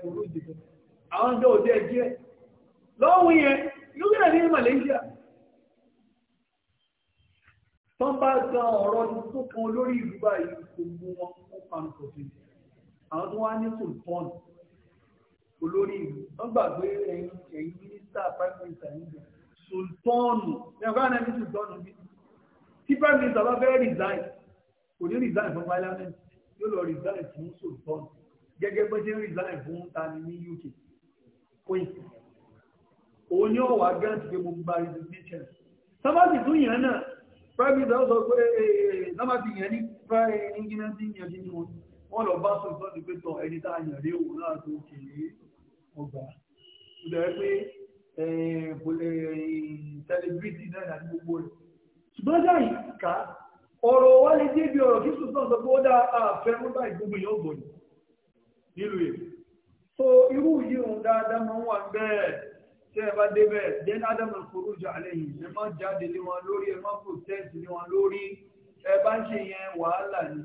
fòrò ìdìbò àwọn ọjọ́ òde ẹ̀jẹ̀ lọ́wọ́ yẹn inú kí Malaysia tó ń bá gan ọ̀rọ̀ tó kan lórí ìlú báyìí gbogbo wọn ó panu kò sí àwọn tó wá ní sultan olórí ìlú wọ́n gbàgbé ẹ̀yin ẹ̀yin mínísítà prime minister ẹ̀yin sultan ẹ̀yin ọ̀gá náà ní sultan bí tí prime minister bá fẹ́ resign kò ní resign fún parliament yóò lọ resign fún sultan gẹ́gẹ́ bó ṣe ń resign fún tani ní UK queen òun ni ó wà grant pé mo gba resignation sábàtì tún yẹn náà prime minister sọ pé eh, eh, eh, sábàtì yẹn ní prime engineer ti yẹn ti wọn wọn lọ bá sultan ti pé tán ẹni tá a yàn rí òun náà tó kéré ọgbà ó dẹ̀ pé tẹlifíṣì náà ní gbogbo rẹ̀ ṣùgbọ́n sáyìn ká ọ̀rọ̀ wá lè débi ọ̀rọ̀ kí sùsùn sọ pé ó dá àfẹ́ ah, mú báyìí gbogbo èèyàn gbò ní nílùú èdè so irú yìí òun dáadáa máa ń wà bẹ́ẹ̀ tẹ́ ẹ bá débẹ̀ then adam al-khuruj alayhim ẹ má jáde lé wọn lórí ẹ má protest lé wọn lórí ẹ bá ń ṣe yẹn wàhálà ni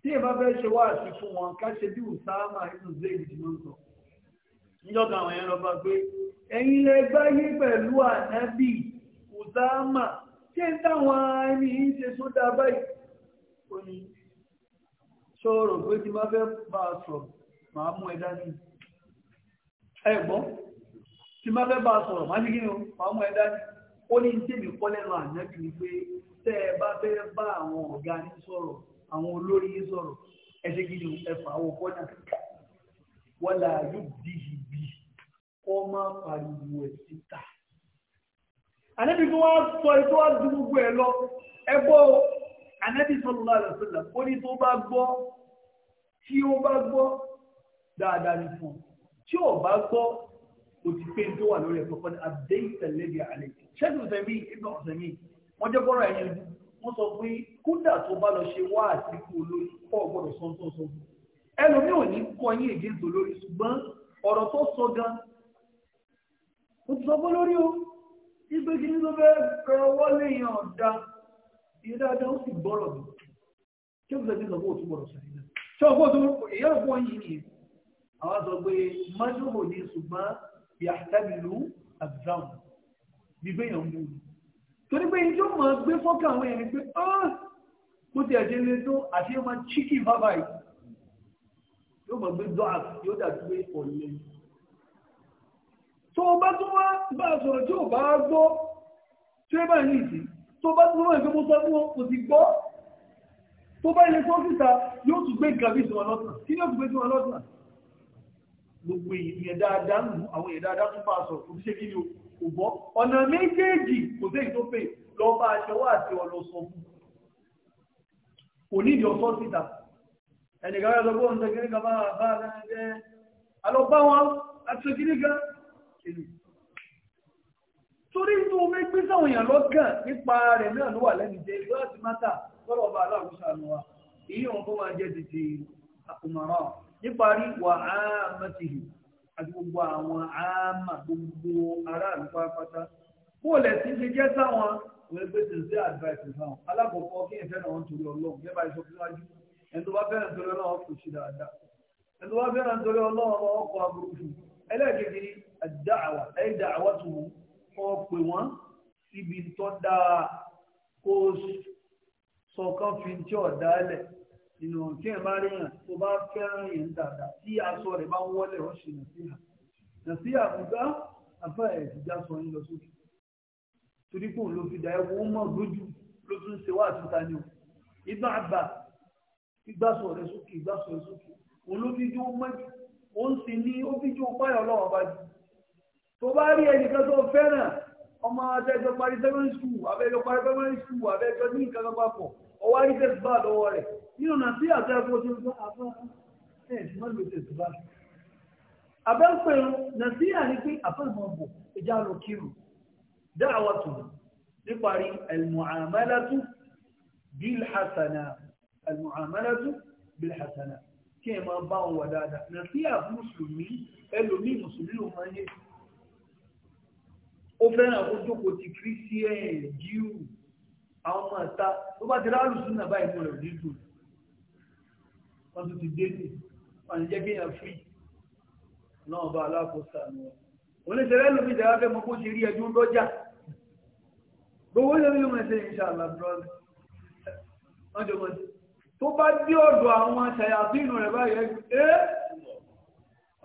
tí ẹ bá fẹ́ ṣe wá àti fún wọn ká bí usama ibn zayd ti máa ń sọ níjọba àwọn yẹn lọ bá gbé ẹ̀yin lẹ gbáyé pẹ̀lú ànábì usama ṣé ń táwọn ẹni yìí ṣe sódà báyìí ó ní sọ̀rọ̀ pé tí máa fẹ́ bá a sọ̀rọ̀ máa mú ẹ dání ẹ gbọ́ tí máa fẹ́ bá a sọ̀rọ̀ máa ní kí ni o máa mú ẹ dání ó ní tèmi kọ́ lẹ́nu ànájú ni pé tẹ́ ẹ bá fẹ́ bá àwọn ọ̀gá yín sọ̀rọ̀ àwọn olórí yín sọ̀rọ̀ ẹ ṣe kí ni ẹ fà á wọ kọ́nà wọ́n là yóò dìhì bí kọ́ máa pariwo ẹ̀ síta ànábì tó wá sọ ètò wá ju gbogbo ẹ̀ lọ ẹ gbọ́ ànábì sallallahu alaihi wasallam ó ní tó bá gbọ́ tí ó bá gbọ́ dáadáa ní fún tí ò bá gbọ́ ó ti pé tó wà lórí ẹ̀kọ́ fún abdéyìntẹ̀lẹ́bì àlẹ́ ṣẹ́gun sẹ́mi ibà ọ̀sẹ̀mi wọ́n jẹ́ kọ́ra ẹ̀yẹn wọ́n sọ pé kódà tó bá lọ ṣe wá àtìkú olórí pọ̀ gbọ́dọ̀ sọ tó sọ fún ẹlòmíì ò ní kọ́ yín èdè ìdò lórí ṣùgbọ́n ọ̀rọ̀ tó sọ gan ó ti sọ fún lórí o ibi kí ní ló fẹ́ fẹ́ ọwọ́ léèyàn ọ̀dá iye dáadáa ó sì gbọ́rọ̀ bí kí ó gbẹ̀dẹ̀ lọ́wọ́ òtún gbọ́rọ̀ sẹ́yìn náà ṣé ọkọ̀ tó èyàn fún ọyìn ni àwọn sọ pé májòbò ní ṣùgbọ́n yàtàbílù àbúráwù bí gbẹ̀yàn mú un torí pé ijó máa gbé fọ́kà àwọn èèyàn pé bó ti ẹ̀jẹ̀ lé tó àti ọmọ chíkì bábà yìí yóò máa gbé dọ́à yóò dàbí pé ọ̀lẹ́yìn tó bá tún wá bá sọ̀rọ̀ tí ò bá gbọ́ tí ó bá ní ìdí tó bá tún wá ìgbé mú sọ́dún kò sì gbọ́ tó bá ilé sọ́síta yóò tún gbé ìgbàgbé sí wọn lọ́sàn kí ni ó tún gbé sí wọn lọ́sàn gbogbo ìyẹn dáadáa nù àwọn ìyẹn dáadáa tún bá sọ̀rọ̀ kò ṣe kí ni kò bọ́ ọ̀nà méjèèjì kò sí èyí tó pè lọ bá aṣọ wá àti ọ̀nà sọ fún kò ní ìdí ọ̀sọ́ síta ẹnìkan yóò sọ pé torí tó omi gbé sáwọn èèyàn lọ́gàn nípa rẹ̀ náà ló wà lẹ́nu jẹ́ ìlú àti mátà lọ́rọ̀ ọba aláàrúsà nù wa èyí wọn bó máa jẹ́ tètè àkùmọ̀ràn níparí wà á mẹ́tìlì àti gbogbo àwọn àmà gbogbo aráàlú pátápátá kó lẹ̀ sí ṣe jẹ́ sáwọn òun ẹgbẹ́ tó ń ṣe advice fáwọn alákọ̀ọ́kọ́ kí n fẹ́ràn wọn torí ọlọ́run yẹ́n bá iṣọ́ síwájú ẹni tó bá fẹ́ràn torí ọlọ́run kò ṣe dáadáa ẹni tó bá fẹ́ràn àdáwà ẹ̀dá àwọ̀tò wọn pè wọ́n síbi tó dáa kó sọ̀kan fi tí ọ̀dá lẹ̀ nínú tí ẹ̀ bá rí yàn tó bá fẹ́ràn yẹn dáadáa tí aṣọ rẹ̀ bá ń wọlé ọ̀ṣẹ̀ nàṣíhà nàṣíhà àbúgbá afẹ́ ẹ̀ ti já sọ yín lọ sókè torí pé òun ló fi dà ẹ́ wọ́n mọ̀ lójú ló tún ṣe wá àtúntà ni o ibà àbà ìgbàsọ rẹ sókè ìgbàsọ rẹ sókè òun ló fi jó mọ́jú òun sì ní ó fi jó páyọ̀ ọlọ́wọ́ bá jù tó bá rí ẹnìkan tó fẹ́ràn ọmọ àtẹ́jọ parí secondary school abẹ́jọ parí primary school abẹ́jọ ní nǹkan kan papọ̀ ọwá rí tẹ̀sí bá lọ́wọ́ rẹ̀ nínú nà sí àtẹ́kọ́ tó ń gbá àbọ̀ ẹ̀ sì máa ń lo tẹ̀sí bá. abẹ́pẹ̀rún nà sí àní pé àfẹ́mọ̀ bò ìjà lọ kírun dá àwa tù níparí al-mu'amalatu bil hasana al-mu'amalatu bil hasana kí ẹ máa bá wọn wà dáadáa nà sí àfúnṣùmí ẹlòmí mùsùlùmí ló máa ń yẹ ó fẹ́ràn kó jókòó ti kírísíẹ̀n jíù àwọn ọmọ ẹ̀ta tó bá ti ráàlù sínú àbá ìmú rẹ̀ nídùn wọ́n tún ti dé ní wọ́n jẹ́ kí èèyàn fi náà bá alákòóso àná wọn. oníṣẹ́rẹ́ lómi ìdára fẹ́ mọ bó ṣe rí ẹjọ́ lọ́jà gbogbo ilé mi mọ̀ ṣe ìṣàlá brọ́dì wọ́n jọ mọ̀ sí tó bá dé ọ̀dọ̀ àwọn ṣàyàfínù rẹ̀ báyìí ẹ́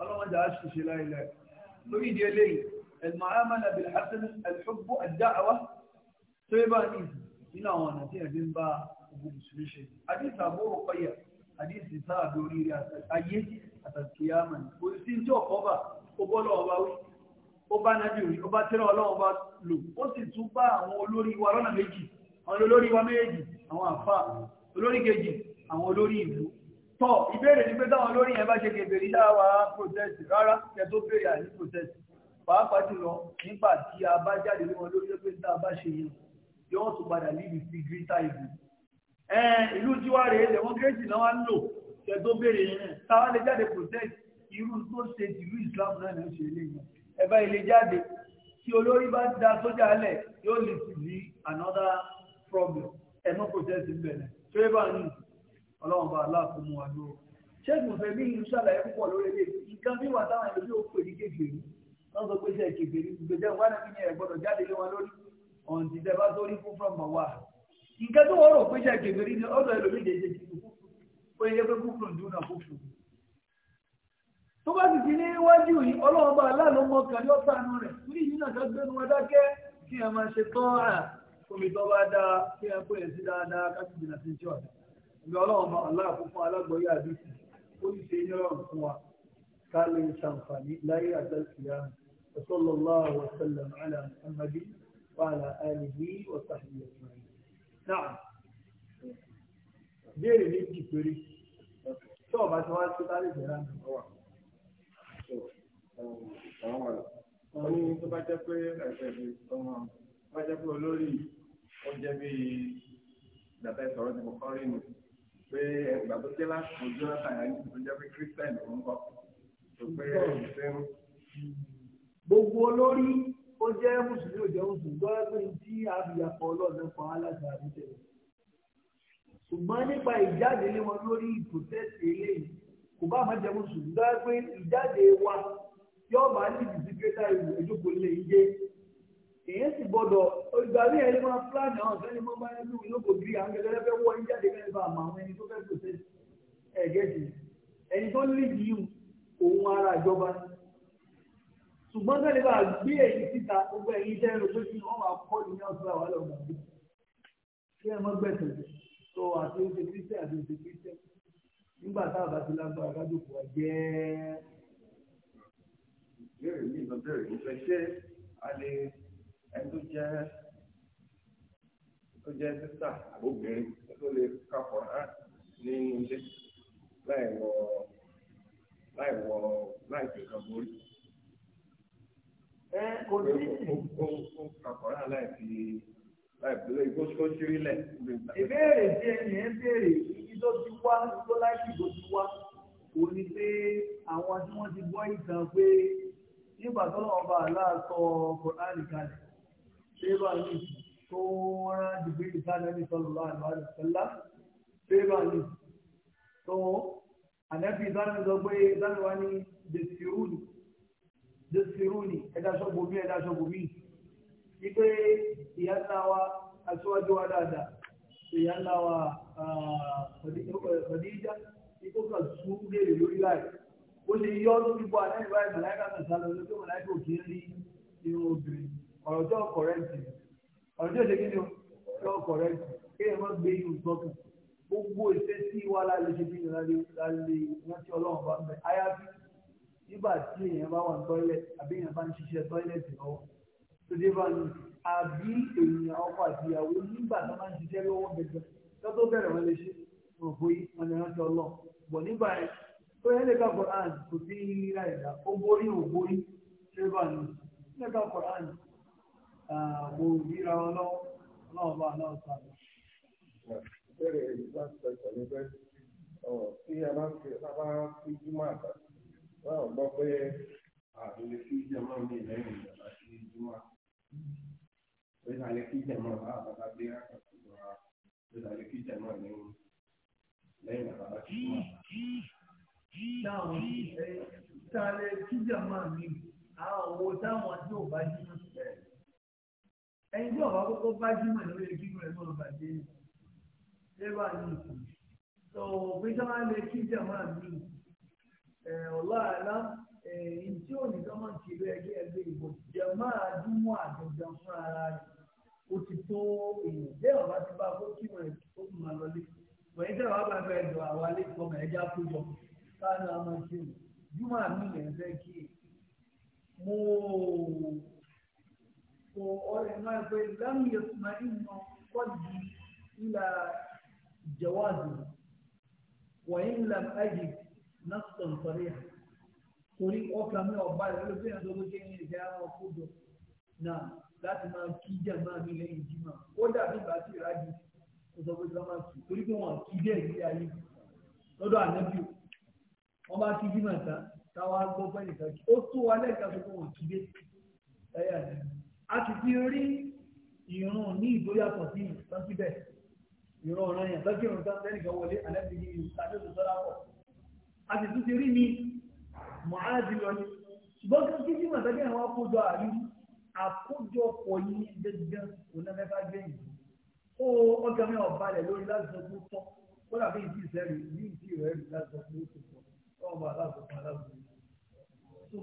ọlọ́mọdé á ṣiṣẹ́ المعاملة بالحسن الحب الدعوة سيبانيز إلى وانا تيهدين با ومسلشي حديث أبو رقية حديث إساء بيوريري أيدي أتالكياما ويسين تو قبا قبا لو ọba nàbírí ọba tẹ́rẹ ọlọ́wọ́ bá lò ó sì tún bá àwọn olórí wa lọ́nà méjì àwọn olórí wa méjì àwọn àfà olórí kejì àwọn olórí ìlú tọ́ ìbéèrè ní pé táwọn olórí yẹn bá ṣe kèbèrè dáwà protest rárá kẹ tó béèrè àní protest pàápàá jùlọ nígbà tí a bá jáde lé wọn lórí ẹgbẹ́ tá a bá ṣe yẹn yóò tún padà níbi sí gíríta ìlú. ìlú tiwa rèé democracy náà wá ń lò tẹ tó béèrè yẹn táwa lè jáde protest irú tó ṣe tìlú Islam náà ló ṣe eléyìí ẹ bá ilé jáde tí olórí bá da sójà lẹ̀ yóò lè sì ní another problem ẹ mọ́ protest ń bẹ̀rẹ̀ tó yẹ bá ń nù ọlọ́run bá aláàfin mu wa lóru. ṣé ìgbọ̀nfẹ́ bí ìlú ṣàlàyé púpọ̀ lórí ilé nǹkan bí wàtáwọn ẹlòmíì ó pè ní kékeré wọ́n sọ pé ṣe kèfèrí gbèjà wà náà nìyẹn ẹ̀gbọ́dọ̀ jáde lé wọn lórí ọ̀hún ti dẹ́ba ma rí fún from mawa. nǹkan tó wọ́n rò pé ṣe ni ọ̀dọ̀ ẹlòmíì lè ṣe kìkì fún pé iye pé kúkúrò ń dúnà fún tó bá sì ti ní yìí ọlọ́run bá rẹ̀ ní náà kí ẹ máa ṣe à omi وصلى الله وسلم على محمد وعلى آله وصحبه أجمعين نعم béèrè ليك péré شو ọba ما wọn ti bá lè bẹ̀rẹ̀ àná. àwọn ní tó bá jẹ́ pé ẹsẹ bíi ọmọ bá jẹ́ pé olórí ó jẹ́ bíi dàtà ìsọ̀rọ̀ ti kọ́kọ́ rí nù pé ẹgbà tó jẹ́ láti ojú ọ̀tá yẹn tó jẹ́ pé kírísítẹ́nì ló ń kọ́ tó pé ẹ̀sìn gbogbo olórí ó jẹ́ mùsùlùmí ò jẹ́ mùsùlùmí gbọ́ pé tí àbíyàpọ̀ ọlọ́dún kan alága àbújá rẹ̀ ṣùgbọ́n nípa ìjáde lé wọn lórí ìpòtẹ́sì eléyìí kò bá àmọ́ jẹ́ mùsùlùmí gbọ́ pé ìjáde wa yóò máa ní ìdí síkírẹ́tà ìlú ìjókòó lè yé èyí sì gbọ́dọ̀ ìgbà rí ẹni máa fúlàní àwọn ọ̀sán ni mo máa ń lù lóko bí i àwọn gẹ́gẹ́ fẹ́ wọ ẹni fẹ́ bá àmọ́ àwọn ẹni tó fẹ́ pòtẹ́sì ẹ̀gẹ́sì ẹni tó ń lè yí òun ara ìjọba ni ṣùgbọ́n tẹ́lẹ̀ bá gbé ẹ̀yìn síta gbogbo ẹ̀yìn jẹ́ ẹ̀rọ lójú wọn máa kọ́ ní ọ̀sán àwọn ọ̀gá bí kí ẹ mọ́ gbẹ̀sẹ̀ tó àti oṣù kristian àti oṣù kristian nígbà tá a bá ti lágbára kájọpọ̀ wa jẹ́. ìbéèrè mi lọ bẹ̀rẹ̀ ìfẹ́ ṣé a lè ẹni tó jẹ́ tó jẹ́ sísà àbóbìnrin tó lè kàpọ̀ rárá nínú ilé láì wọ láì wọ láì fi kan borí ẹ kò ní. ó kàkọ́rọ́ aláìfi láìpẹ́ igbó tó ṣírí lẹ̀. ìbéèrè tí ẹni ẹ béèrè ibi tó ti wá tó láìpẹ́ tó ti wá kò ní pé àwọn tí wọ́n ti gbọ́ ìtàn pé nígbà tó lọ́wọ́ bá aláàtọ̀ kòránì kalẹ̀ ṣébà ní tó rán dìgbé ìtàn ẹni sọ̀rọ̀ láàrin wa lè fẹ́lá ṣébà ní tó ànẹ́bí ìtàn ẹni sọ pé ìtàn wa ní dèsìrú nìkan dẹ́sirúni ẹ̀dá ṣọ́gbó bí ẹ̀dá ṣọ́gbó bí wípé ìyá ńlá wa aṣíwájú wa dáadáa ìyá ńlá wa Khadija ikú kan sún léèrè lórí láì ó ṣe yọ ọdún bíbọ àtẹ́yìn báyìí mọ̀láìkà kan sálọ lójú mọ̀láìkà òkè rí irun obìnrin ọ̀rọ̀ tó kọ̀rẹ́ǹtì ọ̀rọ̀ tó ṣe kíni tó kọ̀rẹ́ǹtì kéèyàn má gbé irun sọ́kù gbogbo ìṣesí wa lálẹ́ ṣe bí ìrìnàlẹ́ rántí ọlọ́run bá ń bẹ àyàfi nígbà tí èèyàn bá wà ní tọ́ílẹ̀ àbí èèyàn bá ń ṣiṣẹ́ tọ́ílẹ̀tì lọ́wọ́ tó dé bá ní àbí èèyàn ọkọ àti ìyàwó nígbà tó máa ń ṣiṣẹ́ lọ́wọ́ gẹ́gẹ́ tó tó bẹ̀rẹ̀ wọn lè ṣe mọ̀ pé wọn lè rántí ọlọ́ bọ̀ nígbà yẹn tó yẹ lè ka Quran kò sí ra ìdá ó borí ò borí ṣé bá ní lè ka Quran kò rí ra wọn lọ́wọ́ náà bá náà sáré. ìbéèrè ìgbà tó ṣẹlẹ̀ bẹ́ẹ̀ tí wọn gbọ́ pé àdúlé kí jẹmọ́ mi lẹ́yìn ìjọba sí júmọ́ pé sàlẹ̀ kí jẹmọ́ bá bàbá gbé àkàtúntò wa pé sàlẹ̀ kí jẹmọ́ lẹ́yìn lẹ́yìn bàbá sí júmọ́. táwọn sàlẹ̀ kí jẹmọ́ mi àwọn owó táwọn tí ò bá jùmọ̀ ẹni tí ọba kókó bá jùmọ̀ ní orí kíkún rẹ̀ náà bàjẹ́ lébà ní ìsìn tó pé sábà lè kí jẹmọ́ ọ̀la àlá èyí tí ò ní ká máa kiri ẹgbẹ́ ẹgbẹ́ ìbò jẹ máa dúnmọ́ àjọjọ fún ara rẹ̀ ó ti tó èèyàn bẹ́ẹ̀ ọ̀la ti bá fún kí wọ́n tó máa lọlé wọ́n yín tẹ̀wá bá fẹ́ dùn àwọn alẹ́ kọ́ mọ̀ ẹja kójọ káàánú àmọ́ kí ni júmọ́ àmì yẹn fẹ́ kí ni mo kò ọ̀rẹ́ náà pé lámì ẹ̀sùnmá ìmọ̀ kọ́ọ̀dù ìlà ìjẹ́wọ́ àdùn wọ̀nyí ń làm áyè nọ́ọ̀sì sọ̀rọ̀ yà torí ọkà mi ọba rẹ̀ ló bẹ̀rẹ̀ lọ́wọ́ kí ní ìjà àwọn kódò náà láti máa kí jàmbá mi lẹ́yìn jimá kódà bí bá ti rájì kó sọ pé jọba kì torí pé wọn kí dé ìdí ayé lọ́dọ̀ ànábì wọn bá kí jimá ta táwa gbọ́ pẹ́ nìkan kí ó tó wa lẹ́ka tó kó wọn kí dé láyé ànábì a ti fi rí ìrún ní ìgbóyàtọ̀ sí ìtàn síbẹ̀ ìrún ọ̀ràn yẹn lọ́jọ́ ìrún tán lẹ́nìkan wọlé ànábì ní ìrún tàbí àti tún ti rí mi mọ̀háàdì lọ ní ṣùgbọ́n kí kí mọ̀ sẹ́gbẹ́ àwọn àkójọ àrí àkójọpọ̀ yìí gẹ́gẹ́ onáfẹ́fà gbẹ̀yìn ó ọjà mẹ́wàá balẹ̀ lórí láti sọ pé ó tọ́ kó dàbí ìdí ìsẹ́rì ní ìdí ìrẹ́rì láti sọ pé ó ti pọ̀ tọ́ ọmọ aláàbò kan aláàbò